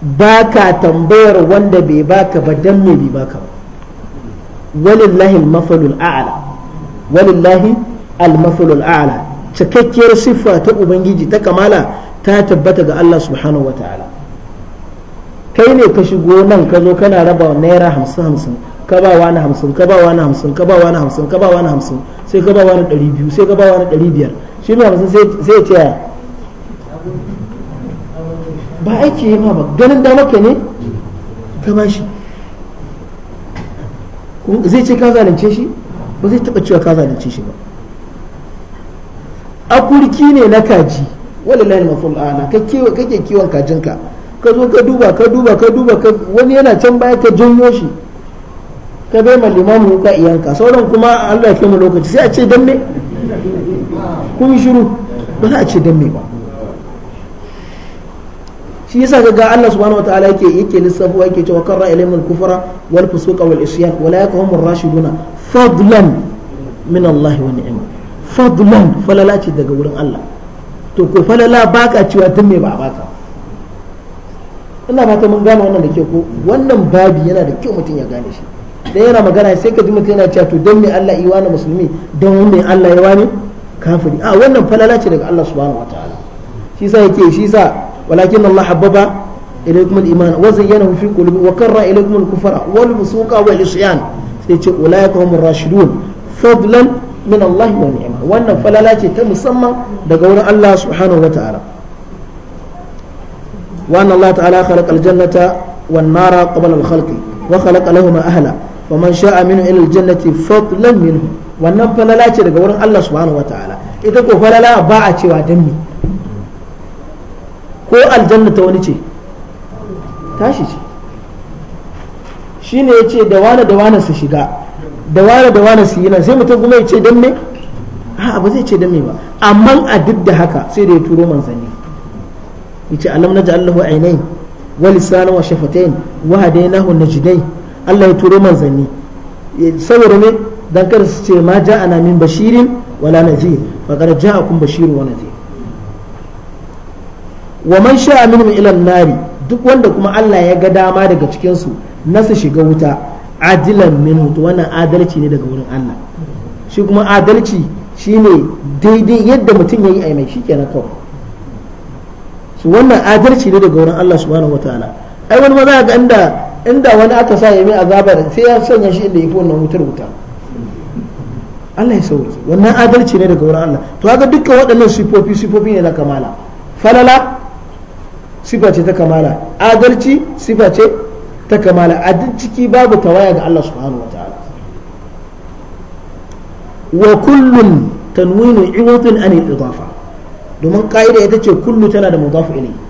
ba ka tambayar wanda bai baka ba dan me bai baka ba walillahi al-mafalul a'la walillahi al-mafalul a'la cikakkiyar siffa ta ubangiji ta kamala ta tabbata ga Allah subhanahu wata'ala kai ne ka shigo nan ka zo kana raba naira hamsin hamsin ka ba wani hamsin ka ba wani hamsin ka ba wani hamsin ka ba wani hamsin sai ka ba wani ɗari biyu sai ka ba wani ɗari biyar shi mai hamsin sai ya taya ba aiki yi ma ba ganin da ke ne ka ba shi zai ce ka zalunce shi ba zai taɓa cewa ka zalunce shi ba kurki ne na kaji wala lahi maful ala kake kiwon kajinka ka zo ka duba ka duba ka duba wani yana can baya ka janyo shi ka bai ma limamu ka iyanka sauran kuma Allah ya kai mu lokaci sai a ce dan me kun shiru ba za a ce dan me ba shi yasa ga Allah subhanahu wataala yake yake lissafo yake cewa karra ilayhim al-kufra wal fusuqa wal isyan wa la yakhum ar-rashiduna fadlan min Allah wa ni'ma fadlan falala ce daga wurin Allah to ko falala baka cewa dan me ba baka ina fata mun gane wannan da ke ko wannan babi yana da kyau mutum ya gane shi da yana magana sai ka ji mutum yana cewa to don me Allah iwa na musulmi don me Allah ya wani kafiri a wannan falala ce daga Allah subhanahu wataala shi sa yake shi sa walakin Allah habbaba ilaykum al-iman wa zayyanahu fi qulubi wa karra ilaykum al-kufra wal fusuqa wal isyan sai ce ulaika humur rashidun fadlan min Allah wa ni'ma wannan falala ce ta musamman daga wurin Allah subhanahu wataala وأن الله تعالى خلق الجنة والنار قبل الخلق وخلق لهما أهلا wa man sha'a minhu ila aljannati fadlan min wannan falala ce daga wurin Allah subhanahu Ta'ala, ita ko falala ba a cewa dan me ko aljanna ta wani ce tashi ce shine yace da wani da wani su shiga da wani da wani su yi nan sai mutum kuma ya ce dan me a'a ba zai ce dan me ba amma a duk da haka sai da ya turo manzanni yace alam naj'al lahu aynayn wa lisanan wa shafatayn wa hadaynahu najdayn Allah ya turo manzanni saboda ne dan kar su ce ma ja ana min bashirin wala nadhir ja akun bashirin wala naji wa man sha'a min ila nari duk wanda kuma Allah ya ga dama daga cikin su na su shiga wuta adilan min to wannan adalci ne daga wurin Allah shi kuma adalci shine daidai yadda mutum yayi aimai mai shikenan to su wannan adalci ne daga wurin Allah subhanahu wataala ai wani ma za ga inda inda wani aka sa ya mai azabar sai ya sanya shi inda ya fi wannan wutar wuta Allah ya sauki wannan adalci ne daga wurin Allah to haka dukkan waɗannan sifofi sifofi ne na kamala falala sifa ce ta kamala adalci sifa ce ta kamala a duk ciki babu tawaya ga Allah subhanahu wataala wa kullun tanwinu iwatun an idafa domin ka'ida ita ce kullu tana da mudafu ilayhi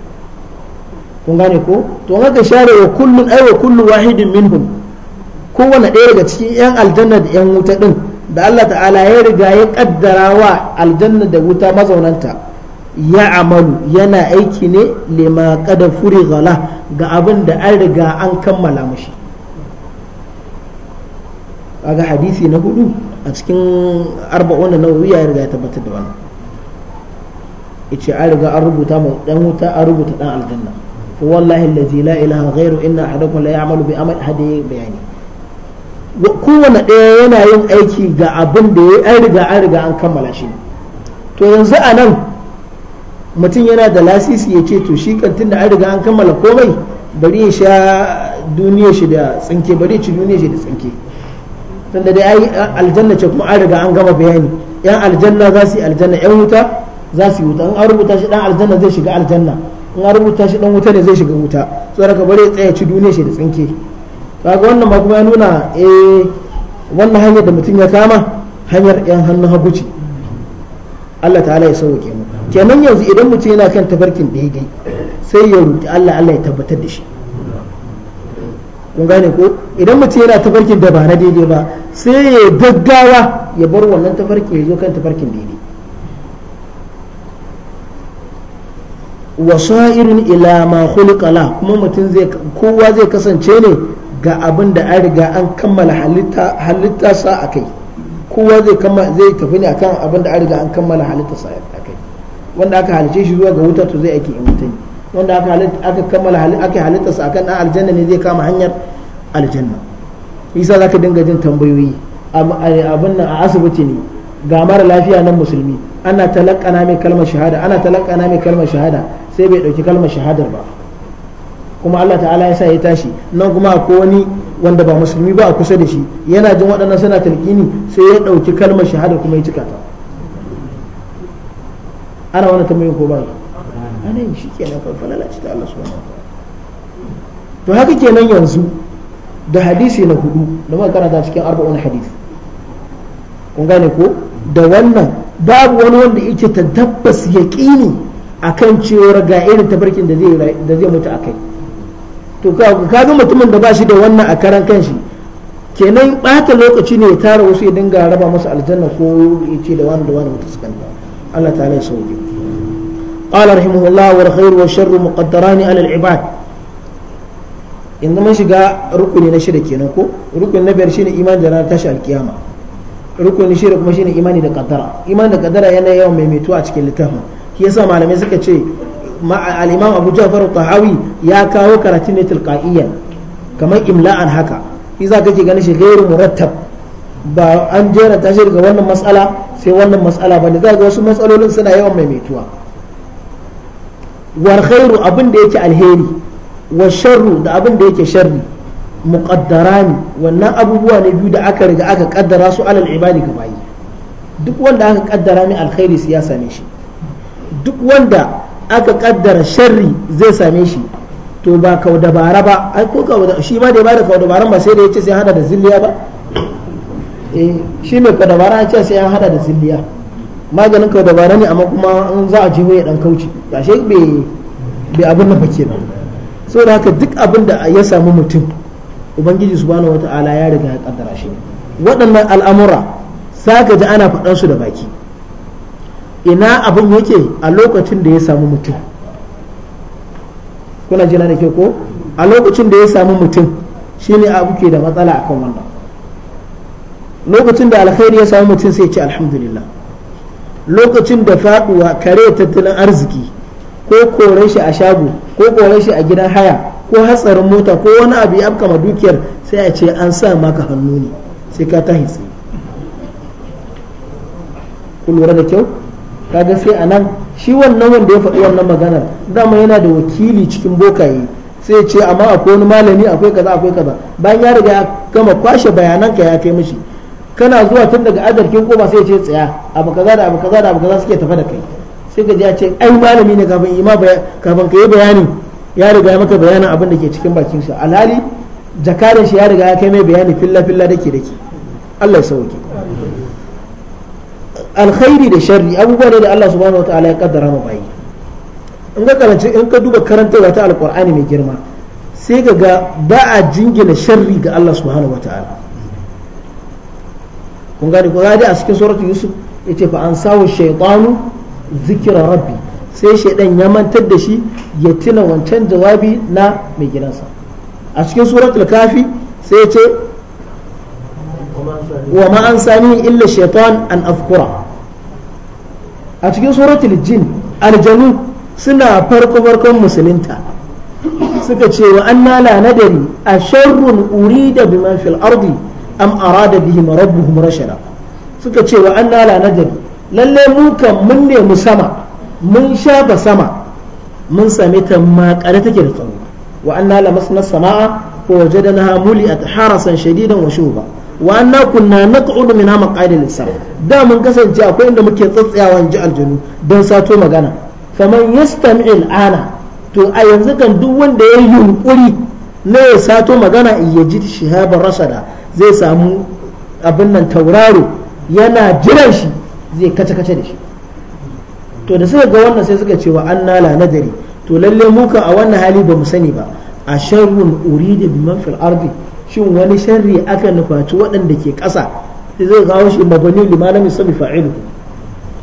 kun gane ko to ka share wa kullun ai wa kullu wahidin minhum kowanne ɗaya daga cikin yan aljanna da yan wuta din da Allah ta'ala ya riga ya kaddara wa aljanna da wuta mazaunanta ya amalu yana aiki ne lima kada furi gala ga abin da an riga an kammala mushi kaga hadisi na hudu a cikin arba'una wuya ya riga ya tabbatar da wannan ita an riga an rubuta mu dan wuta an rubuta dan aljanna wallahi allazi la ilaha ina inna ahadakum la ya'malu bi amal hadi bayani kowane ɗaya yana yin aiki ga abin da ya an riga an riga an kammala shi to yanzu a nan mutum yana da lasisi ya ce to shi kantin da an riga an kammala komai bari ya sha duniyar shi da tsinke bari ya ci duniyar shi da tsinke tunda dai ai aljanna ce kuma an riga an gama bayani yan aljanna za su yi aljanna yan wuta za su yi wuta in an rubuta shi dan aljanna zai shiga aljanna in an rubuta shi dan wuta ne zai shiga wuta da ka bari ya tsaya ci duniya shi da tsinke kaga wannan ma kuma ya nuna eh wannan hanyar da mutum ya kama hanyar yan hannun hagu ce Allah ta'ala ya sauke mu kenan yanzu idan mutum yana kan tafarkin daidai sai ya roki Allah Allah ya tabbatar da shi kun gane ko idan mutum yana tafarkin da ba na daidai ba sai ya gaggawa ya bar wannan tabarkin ya zo kan tafarkin daidai wa sha'irin ila ma khuliqala kuma mutum zai kowa zai kasance ne ga abin da an riga an kammala halitta halitta sa akai kowa zai kama zai tafi ne akan abin da an riga an kammala halitta sa akai wanda aka halice shi zuwa ga wuta to zai aiki in wuta wanda aka halitta aka kammala aka halitta sa akan aljanna ne zai kama hanyar aljanna isa zaka dinga jin tambayoyi abin nan a asibiti ne ga mara lafiya nan musulmi ana talakana mai kalmar shahada ana talakana mai kalmar shahada sai bai dauki kalmar shahadar ba kuma Allah ta'ala ya sa ya tashi nan kuma akwai wani wanda ba musulmi ba a kusa da shi yana jin waɗannan suna talkini sai ya dauki kalmar shahada kuma ya cika ta ana wannan tambayin ko ba ana yi shi kenan falfalala ce ta Allah subhanahu wa to haka kenan yanzu da hadisi na hudu da muka karanta cikin arba'un hadisi kun gane ko da wannan babu wani wanda yake ta tabbas yaƙini akan cewar ga irin tabarkin da zai da zai mutu to ka ga mutumin da ba shi da wannan a karan kanshi kenan bata lokaci ne ya tara wasu ya dinga raba masu aljanna ko ya ce da wani da wani mutu sukan Allah ta'ala sauƙi. sauke قال رحمه الله والخير والشر مقدران على العباد in mun shiga rukuni na shida kenan ko rukuni na biyar shine iman da ranar tashi alkiyama rukuni shida kuma shine imani da kaddara imani da kaddara yana yawan maimaituwa a cikin littafin shi yasa malamai suka ce al-imam Abu Ja'far tahawi ya kawo karatun ne tilqaiyan kamar imla'an haka iza kake ka ganin shi gairu murattab ba an jera ta shi daga wannan matsala sai wannan matsala ba ne za ga wasu matsalolin suna yawan maimaituwa war khairu abin da yake alheri wa sharru da abin da yake sharri muqaddarani wannan abubuwa ne biyu da aka riga aka kaddara su alal ibadi ga bayi duk wanda aka kaddara ne alkhairi sai ya same shi duk wanda aka kaddara sharri zai same shi to ba kau dabara ba ai ko kau da shi ma da ba da kau dabaran ba sai da yace sai hada da zilliya ba eh shi mai kau dabara ya ce sai an hada da zilliya maganin kau dabara ne amma kuma in za a ji waye dan kauce gashi bai bai abin nan ba kenan saboda haka duk abin da ya samu mutum ubangiji subhanahu wata'ala ya riga ya kaddara shi waɗannan al'amura saka ji ana faɗan su da baki ina abin yake a lokacin da ya samu mutum kuna jina da ke ko a lokacin da ya samu mutum shine abu ke da matsala akan wannan lokacin da alkhairi ya samu mutum sai ce alhamdulillah lokacin da faduwa kare tattalin arziki ko koren shi a shago ko koren shi a gidan haya ko hatsarin mota ko wani abu ya afkama dukiyar sai a ce an sa maka hannu ne sai ka tahi tsaye ku lura da kyau kaga sai a nan shi wannan wanda ya faɗi wannan maganar dama yana da wakili cikin bokaye sai ya ce amma akwai wani malami akwai kaza akwai kaza bayan ya riga ya gama kwashe bayananka ya kai mishi kana zuwa tun daga adarkin koma sai ya ce tsaya abu kaza da abu kaza da abu kaza suke tafa da kai sai ka ji ya ce ai malami ne kafin kafin ka yi bayani ya riga maka bayanin abin da ke cikin bakin shi alhali jakarin shi ya riga ya kai mai bayani filla filla dake dake Allah ya sauke alkhairi da sharri abubuwa ne da Allah subhanahu ta'ala ya kaddara ma bayi in ka karanci in ka duba karantarwa ta alqur'ani mai girma sai ga ga ba a jingina sharri ga Allah subhanahu wataala kun gane ko a cikin suratul yusuf yace fa an sawu shaytanu zikra rabbi sai shaidan ya mantar da shi ya tuna wancan jawabi na mai gidansa a cikin suratul kafi sai ya ce wa ma an sani illa shaitan an afkura a cikin suratul jin aljanu suna farko farkon musulunta suka ce wa anna la nadari a sharrun urida bima fil ardi am arada bihim rabbuhum rashada suka ce wa anna la nadari lalle mu kan mun nemi sama mun shafa sama mun sami ta makare take da tsaro wa anna lamasna samaa fa wajadnaha muli'at harasan shadidan wa shuba wa anna kunna naq'udu minha maq'ida lis da mun kasance akwai inda muke tsatsayawa ji aljanu don sato magana faman yastami al'ana to a yanzu kan duk wanda ya yunkuri na ya sato magana ya ji shihabar rasada zai samu abin nan tauraro yana jiran shi zai kace kace da shi to da suka ga wannan sai suka ce wa anna la nadari to lalle mu kan a wannan hali ba mu sani ba a sharrun urida bi man fil ardi shin wani sharri aka nufaci waɗanda ke ƙasa sai zai kawo shi mabani limana mai sami fa'ilu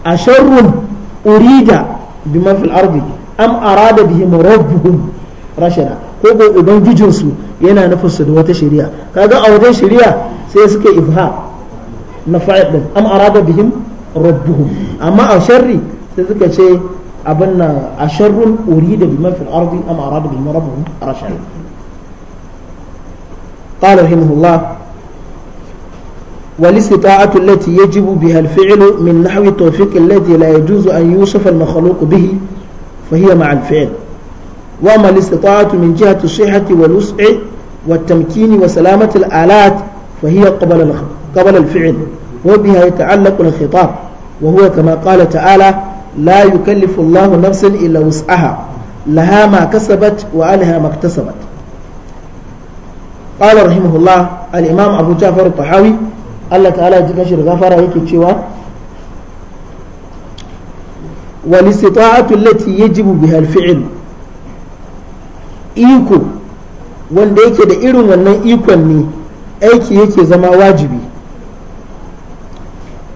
a sharrun urida bi man fil ardi am arada bihim rabbuhum rashada ko ko ubangijin su yana nufin su da wata shari'a kaga a wajen shari'a sai suka ifha na fa'il am arada bihim rabbuhum amma a sharri sai suka ce abin nan a sharrun urida bi man fil ardi am arada bi man rabbuhum rashad qala rahimahullah والاستطاعة التي يجب بها الفعل من نحو التوفيق الذي لا يجوز أن يوصف المخلوق به فهي مع الفعل وأما الاستطاعة من جهة الصحة والوسع والتمكين وسلامة الآلات فهي قبل قبل الفعل وبها يتعلق الخطاب وهو كما قال تعالى la yukallifu Allahu nafsan illa wus'aha laha ma kasabat wa alaiha ma iktasabat qala rahimahullah al-imam Abu Ja'far al-Tahawi Allah ta'ala ya ji shi gafara yake cewa wal istita'atu allati yajibu biha al-fi'l iko wanda yake da irin wannan ikon ne aiki yake zama wajibi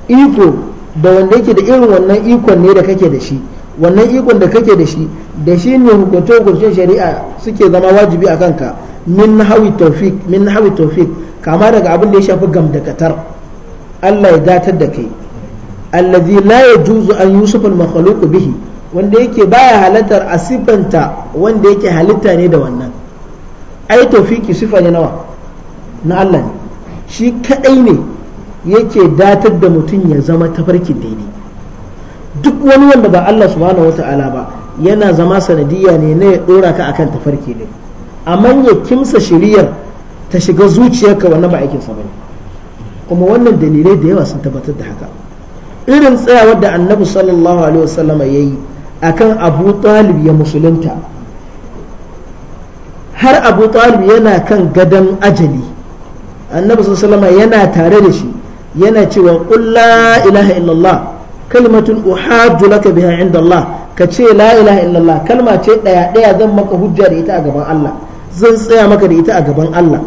iko da wanda yake da irin wannan ikon ne da kake da shi wannan ikon da kake da shi da shi ne hukunce hukuncen shari'a suke zama wajibi a kanka min hawi tawfiq min hawi tawfiq kama daga abin da ya shafi gamdakatar Allah ya datar da kai allazi la yajuzu an yusuf al makhluq bihi wanda yake baya halatar a sifanta wanda yake halitta ne da wannan ai tawfiki sifa ne nawa na Allah ne shi kadai ne yake datar da mutum ya zama tafarkin daidai duk wani wanda ba Allah subhanahu wata'ala ba yana zama sanadiyya ne na ya dora ka akan tafarki ne amma ya kimsa shiriyar ta shiga zuciyarka wannan ba aikin sa bane kuma wannan dalilai da yawa sun tabbatar da haka irin tsayawar da annabi sallallahu alaihi wasallam ya yi akan abu talib ya musulunta har abu talib yana kan gadon ajali annabi sallallahu alaihi wasallam yana tare da shi yana cewa qul la ilaha illallah kalmatun uhajju laka biha inda Allah ka ce la ilaha illallah kalma ce daya daya zan maka hujja da ita a gaban Allah zan tsaya maka da ita a gaban Allah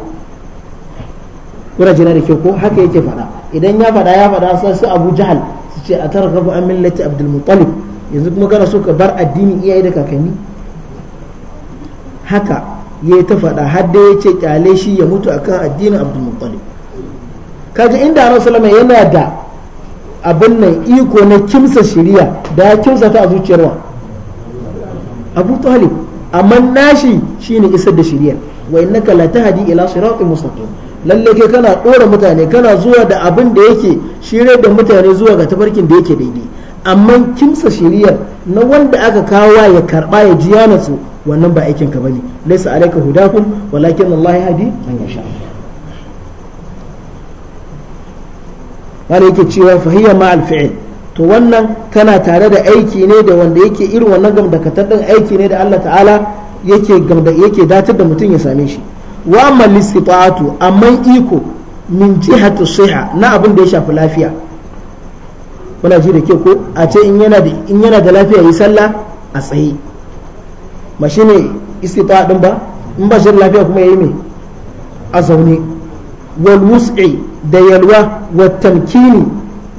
kuna jina da ko haka yake fada idan ya faɗa ya fada sai su Abu Jahal su ce a targhabu an millati Abdul Muttalib yanzu kuma kana so ka bar addini iyaye da kakanni haka yayi ta faɗa har da ya ce kyale shi ya mutu akan addinin Abdul Muttalib kaji inda annabi sallallahu alaihi yana da abin nan iko na kimsa shiriya da ya kimsa ta a zuciyarwa abu talib amma nashi shine isar da shari'a wa innaka la tahdi ila siratin mustaqim lalle ke kana dora mutane kana zuwa da abin da yake shire da mutane zuwa ga tabarkin da yake daidai amma kimsa shiriyar na wanda aka kawo ya karba ya ji yana su wannan ba aikin ka bane laysa alayka hudakum walakin Allah hadi man yasha wanda yake cewa fahiyya ma alfi'il to wannan tana tare da aiki ne da wanda yake irin wannan gamdakatar din aiki ne da Allah ta'ala yake gamda yake datar da mutum ya same shi wa amma listita'atu amma iko min jihatu siha na abin da ya shafi lafiya kuna ji da ke ko a ce in yana da in yana da lafiya yi sallah a tsaye ba shine istita'a din ba in ba shi lafiya kuma yayi me a zaune wal wus'i da yalwa wa tamkini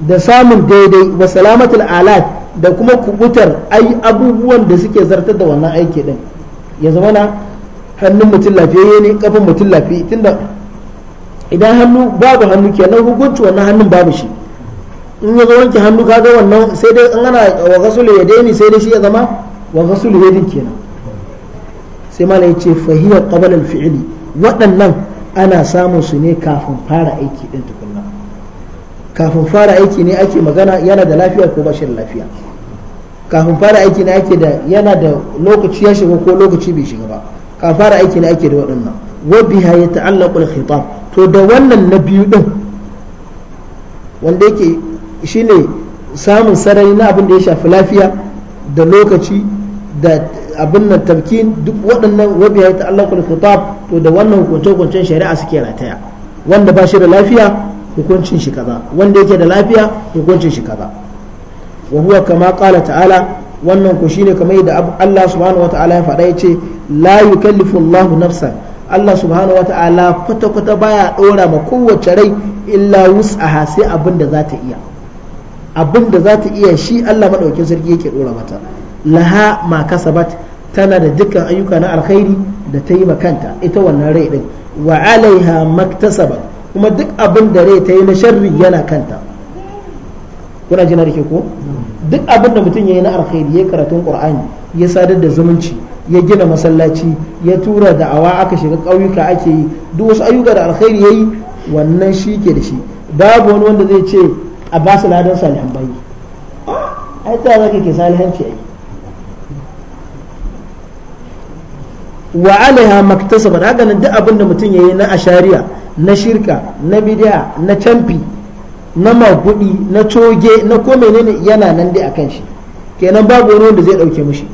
da samun daidai wa salamatul alat da kuma kubutar ai abubuwan da suke zartar da wannan aiki din ya zama na hannun mutum lafiyayye ne kafin mutum lafiya tinda idan hannu babu hannu ke kenan hukunci wannan hannun babu shi in ya zo wanke hannu kaga wannan sai dai an gana wa ghasulu yadaini sai dai shi ya zama wa ghasulu yadin kenan sai malai ce fahiyar qabala al-fi'li waɗannan ana samun su ne kafin fara aiki din tukunna kafin fara aiki ne ake magana yana da lafiya ko bashin lafiya kafin fara aiki ne ake da yana da lokaci ya shiga ko lokaci bai shiga ba kafin fara aiki ne ake da waɗannan wa biha ya ta'allaqu khitab to da wannan na biyu din wanda yake shine samun sarari na abin da ya shafi lafiya da lokaci da abin nan tamkin duk waɗannan wabiya ta Allah kula khitab to da wannan hukunce hukuncen shari'a suke rataya wanda ba shi da lafiya hukuncin shi kaza wanda yake da lafiya hukuncin shi kaza wa huwa kama qala ta'ala wannan ku shine kamar yadda Allah subhanahu wata'ala ya faɗa yace la yukallifu Allahu nafsan Allah subhanahu wata'ala kwata kwata baya ɗora ma kowace rai illa wus'aha sai abin da za ta iya abin da za ta iya shi Allah maɗaukin sarki yake ɗora mata laha ma kasabat tana da dukkan ayyuka na alkhairi da ta yi makanta ita wannan rai din wa alaiha maktasabat kuma duk abin da rai ta yi na sharri yana kanta kuna jina da ke ko duk abin da mutum ya yi na alkhairi ya karatun qur'ani ya sadar da zumunci ya gina masallaci ya tura awa aka shiga ƙauyuka ake yi duk wasu ayyuka da alkhairi ya yi wannan shi ke da shi babu wani wanda zai ce a ba su ladan salihan bayi ai ta za ka ke salihanci ai wa alaiha maktasabat haka nan duk abin da mutum yi na ashariya na shirka na bidiya na canfi na magudi na coge na ko ne yana nan dai akan shi kenan babu wani wanda zai dauke mushi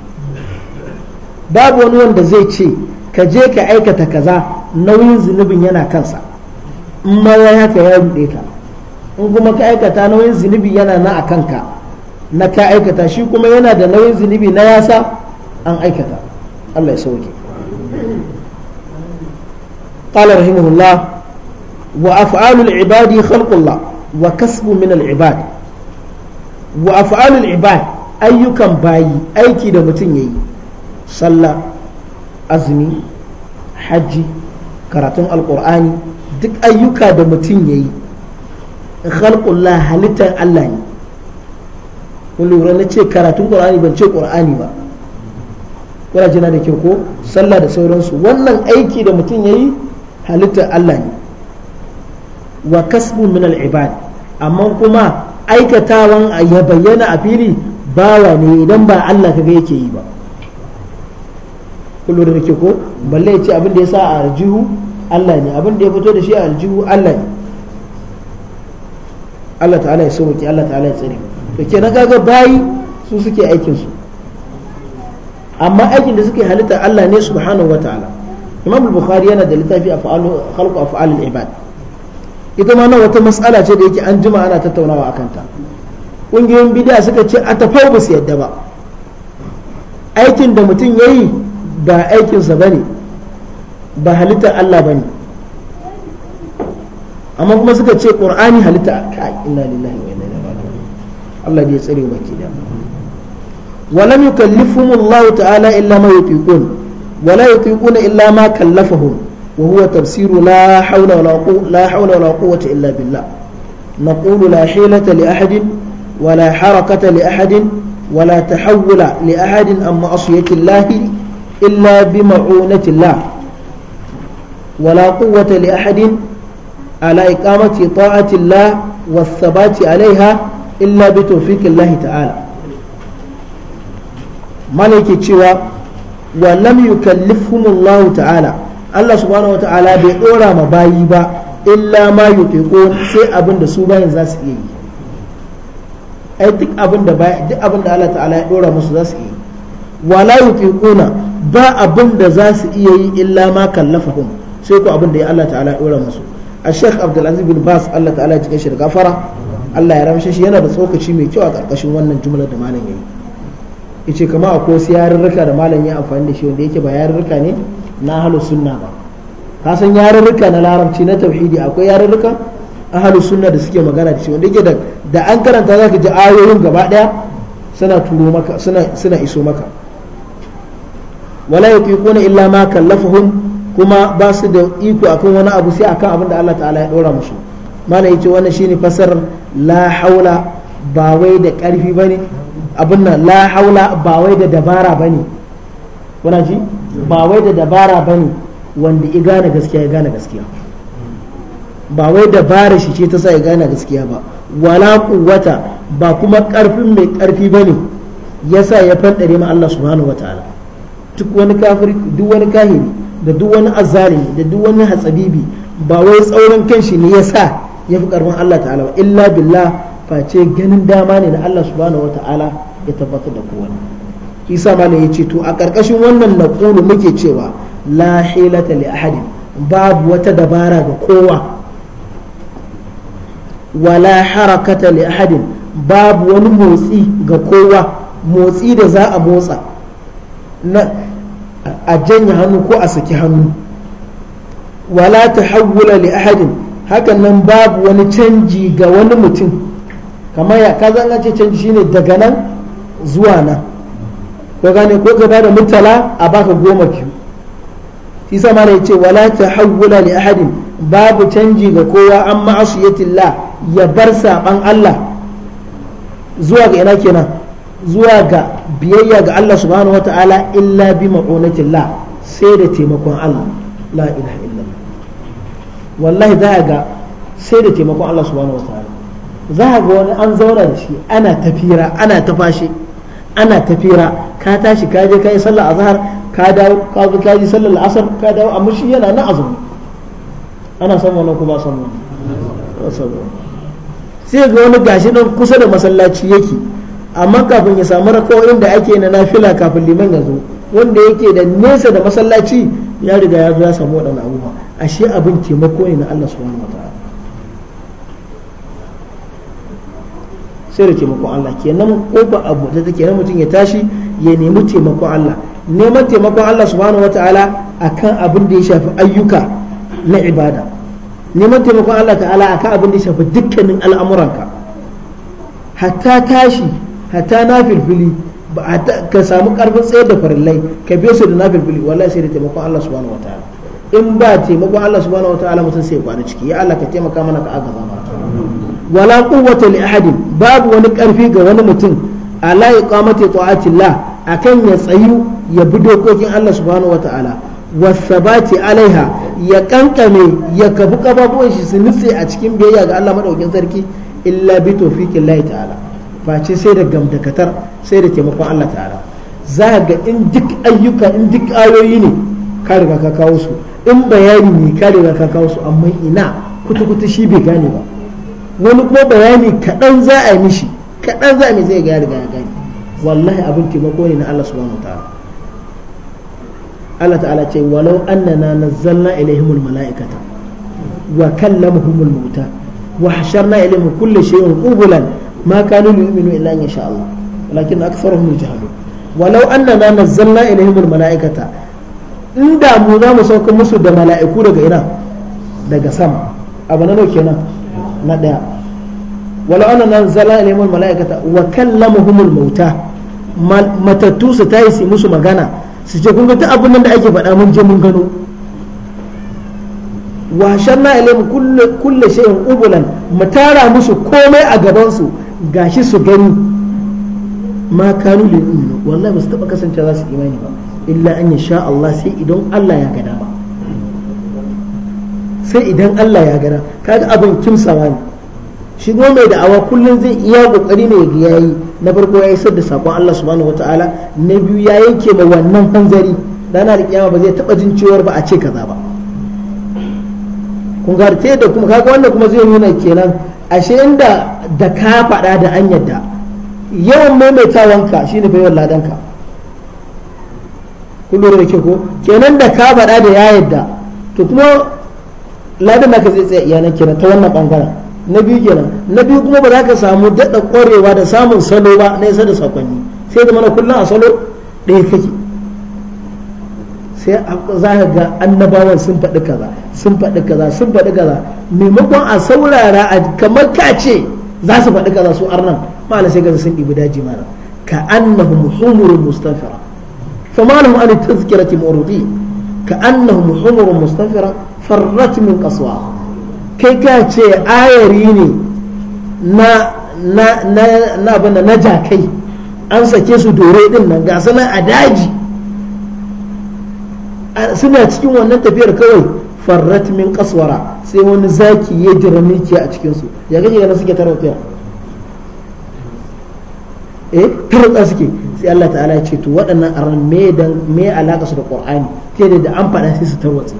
babu wani wanda zai ce ka je ka aikata kaza nauyin zunubin yana kansa in ma ya haka ya rude ka in kuma ka aikata nauyin zunubi yana na a kanka na ka aikata shi kuma yana da nauyin zunubi na yasa an aikata Allah ya sauke قال رحمه الله وأفعال العباد خلق wa وكسب من العباد وأفعال العباد أيكم باي أيكي دا متنيي صلى أزمي حجي karatun alkur'ani duk ayyuka da mutum ya yi khalqullah halittar Allah ne kun lura na ce karatun qur'ani ban ce qur'ani ba yana jina da kirko sallah da sauransu wannan aiki da mutum ya yi halittar Allah ne wa kasbun min al amma kuma aikatawan ya bayyana a fili bawa ne idan ba Allah kaga yake yi ba kullum da ke ko balle ya ce abin ya sa a aljihu Allah ne abin ya fito da shi a aljihu Allah ne Allah ta'ala ya sauke Allah ta'ala ya tsare to kenan kaga bayi su suke aikin amma aikin da suke halitta Allah ne subhanahu wa ta'ala imam al-bukhari yana da littafi a fa'alu khalqu af'al al-ibad ita ma wata mas'ala ce da yake an jima ana tattaunawa akan ta kungiyoyin bid'a suka ce a tafau ba su yadda ba aikin da mutum yayi ba aikinsa bane ba halitta Allah bane amma kuma suka ce qur'ani halitta ka inna lillahi wa inna ilaihi raji'un Allah ya tsare baki da ولم يكلفهم الله تعالى إلا ما يطيقون ولا يطيقون إلا ما كلفهم وهو تفسير لا حول ولا قوة لا حول ولا قوة إلا بالله نقول لا حيلة لأحد ولا حركة لأحد ولا تحول لأحد عن معصية الله إلا بمعونة الله ولا قوة لأحد على إقامة طاعة الله والثبات عليها إلا بتوفيق الله تعالى yake cewa wa lam yukallifhumullahu ta'ala Allah subhanahu wata'ala bai dora ma bayi ba illa ma yutiqun sai abin da su bayan za su iya yi ai duk abin da duk abin da Allah ta'ala ya dora musu za su yi wa la yutiquna ba abin da za su iya yi illa ma kallafahum sai ko abin da ya Allah ta'ala ya dora musu a Sheikh Abdul Aziz bin Bas Allah ta'ala ya cike shi da gafara Allah ya ramshe shi yana da tsokaci mai kyau a karkashin wannan jumlar da malam yayi yace kamar akwai wasu yarurruka da malam ya amfani da shi wanda yake ba yarurruka ne na halu sunna ba ka san yarurruka na larabci na tauhidi akwai yarurruka ahalu sunna da suke magana da shi wanda yake da da an karanta zaka ji ayoyin gaba daya suna turo maka suna suna iso maka wala yuqiquna illa ma kallafahum kuma ba su da iko akan wani abu sai akan abin da Allah ta'ala ya dora musu malam yace wannan shine fasar la haula ba wai da ƙarfi ba ne abin nan la haula ba wai da dabara ba ne kuna ji ba wai da dabara ba ne wanda ya gane gaskiya ya gane gaskiya ba wai dabara shi ce ta sa ya gane gaskiya ba wala kuwata ba kuma ƙarfin mai ƙarfi ba ne ya sa ya fadare ma Allah subhanahu wa ta'ala duk wani kafiri duk wani kahiri da duk wani azzalimi da duk wani hatsabibi ba wai tsauran kanshi ne ya sa ya fi ƙarfin Allah ta'ala illa billah face ganin dama ne na Allah subhanahu wata'ala ya tabbata da kowane isa malam ya ce to a ƙarƙashin wannan naqulu muke cewa la hilata li ahadin babu wata dabara ga kowa wala harakata li ahadi babu wani motsi ga kowa motsi da za a motsa a janya hannu ko a saki hannu wala ta li ahadin hakan nan babu wani canji ga wani mutum kamar ya ka zanga ce canji shine daga nan zuwa nan ko gane ko ka bada mutala a baka goma biyu isa ma ya ce wala tahawwula li ahadin babu canji ga kowa an ma'asiyatillah ya bar saban Allah zuwa ga ina kenan zuwa ga biyayya ga Allah subhanahu wataala illa bi ma'unatillah sai da taimakon Allah la ilaha illallah wallahi za ga sai da taimakon Allah subhanahu wataala za ga wani an zauna da shi ana tafira ana tafashe ana tafira ka tashi ka je ka yi sallar azhar ka dawo ka zo ka ji sallar asar ka dawo amma shi yana na azumi ana son wannan ko ba son wannan sai ga wani gashi nan kusa da masallaci yake amma kafin ya samu rako inda ake na nafila kafin liman ya zo wanda yake da nesa da masallaci ya riga ya zo ya samu waɗannan abubuwa ashe abin taimako ne na Allah subhanahu wataala sai da taimakon Allah kenan kofa abu da take nan mutum ya tashi ya nemi taimakon Allah neman taimakon Allah subhanahu wataala akan abin da ya shafi ayyuka na ibada neman taimakon Allah ta'ala akan abin da ya shafi dukkanin al'amuranka hatta tashi hatta na filfili ka samu karfin tsayar da farillai ka biyo su da na filfili wallahi sai da taimakon Allah subhanahu wataala in ba taimakon Allah subhanahu wataala mutum sai ya kwana ciki ya Allah ka taimaka mana ka agaza mana wala quwwata li ahadin babu wani karfi ga wani mutum ala iqamati ta'atillah akan ya tsayu ya bi dokokin Allah subhanahu wataala wasabati alaiha ya kankame ya kabu kababuwan shi su nutse a cikin biyayya ga Allah madaukin sarki illa bi tawfiqin Allah ta'ala face sai da gamdakatar sai da taimakon Allah ta'ala za ga in duk ayyuka in duk ayoyi ne ka riga ka kawo su in bayani ne ka riga ka kawo su amma ina kutu-kutu shi bai gane ba wani kuma bayani kaɗan za a yi mishi kaɗan za a yi zai ga riga ya gani wallahi abin taimako ne na Allah subhanahu wa ta'ala Allah ta'ala ce walau annana nazzalna ilaihimul mala'ikata wa kallamuhumul mauta wa hasharna ilaihim kulli shay'in qubulan ma kanu yu'minu illa in sha Allah walakin aktharuhum yajhalun walau annana nazzalna ilaihimul mala'ikata inda mu za mu sauka musu da mala'iku daga ina daga sama abu na kenan na daya wala ana nan zala mala'ika malaikata wa humul mauta matattu su tayi su musu magana su ce kun ga ta abin da ake faɗa mun je mun gano wa shanna ilayhim kullu kullu shay'in ubulan mu tara musu komai a gaban su gashi su gani ma kanu da yi wallahi ba su taba kasance za su imani ba illa an sha Allah sai idan Allah ya gada sai idan Allah ya gara kaga abin kimsawa ne shi mai da'awa kullum zai iya kokari ne ga yayi na farko ya sar da sakon Allah subhanahu wataala na biyu ya yanke ma wannan hanzari ranar kiyama ba zai taba jin ciwar ba a ce kaza ba kun garte da kuma kaga wanda kuma zai nuna kenan ashe inda da ka faɗa da an yadda yawan maimaitawanka shine baiwa ladanka kun da ke ko kenan da ka fada da ya yadda to kuma ladan ka zai tsaye iya nan kenan ta wannan bangaren na biyu kenan na biyu kuma ba za ka samu daɗa ƙwarewa da samun salo ba na isa da sakonni sai da mana kullum a salo ɗaya kake sai za ka ga annabawan sun faɗi kaza sun faɗi kaza sun faɗi kaza maimakon a saurara a kamar ka ce za su faɗi kaza su arnan ma'ana sai gaza sun ɗibi daji mana ka annahum humurun mustafira fa ma an tazkirati mu'ridin كأنهم حمر مستنفرة فرت من قسوة كي كاتشي آيريني نا na نا an sake su كي أنسى كيسو دوري دلنا قاسنا أداجي suna cikin wannan tafiyar kawai farrat min kaswara sai wani zaki ya jira miki a cikinsu ya kake ganin sai Allah ta'ala ya ce to waɗannan aran me dan me alaka su da Qur'ani sai da an faɗa sai su tarwatse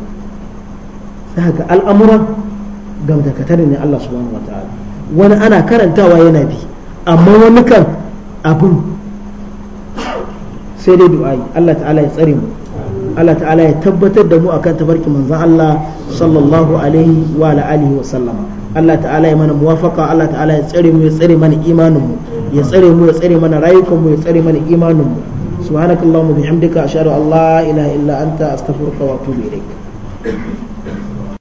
sai haka al'amuran gamdakatar ne Allah subhanahu wataala wani ana karantawa yana bi amma wani kan abun. sai dai du'ai Allah ta'ala ya tsare mu Allah ta'ala ya tabbatar da mu akan tafarki manzon Allah sallallahu alaihi wa alihi wa sallama Allah ta'ala ya mana muwafaqa Allah ta'ala ya tsare mu ya tsare mana imanin mu ya tsare mu ya tsare mana rayukan mu ya tsare mana imanin mu subhanakallahumma bihamdika ashhadu an la ilaha illa anta astaghfiruka wa atubu ilaik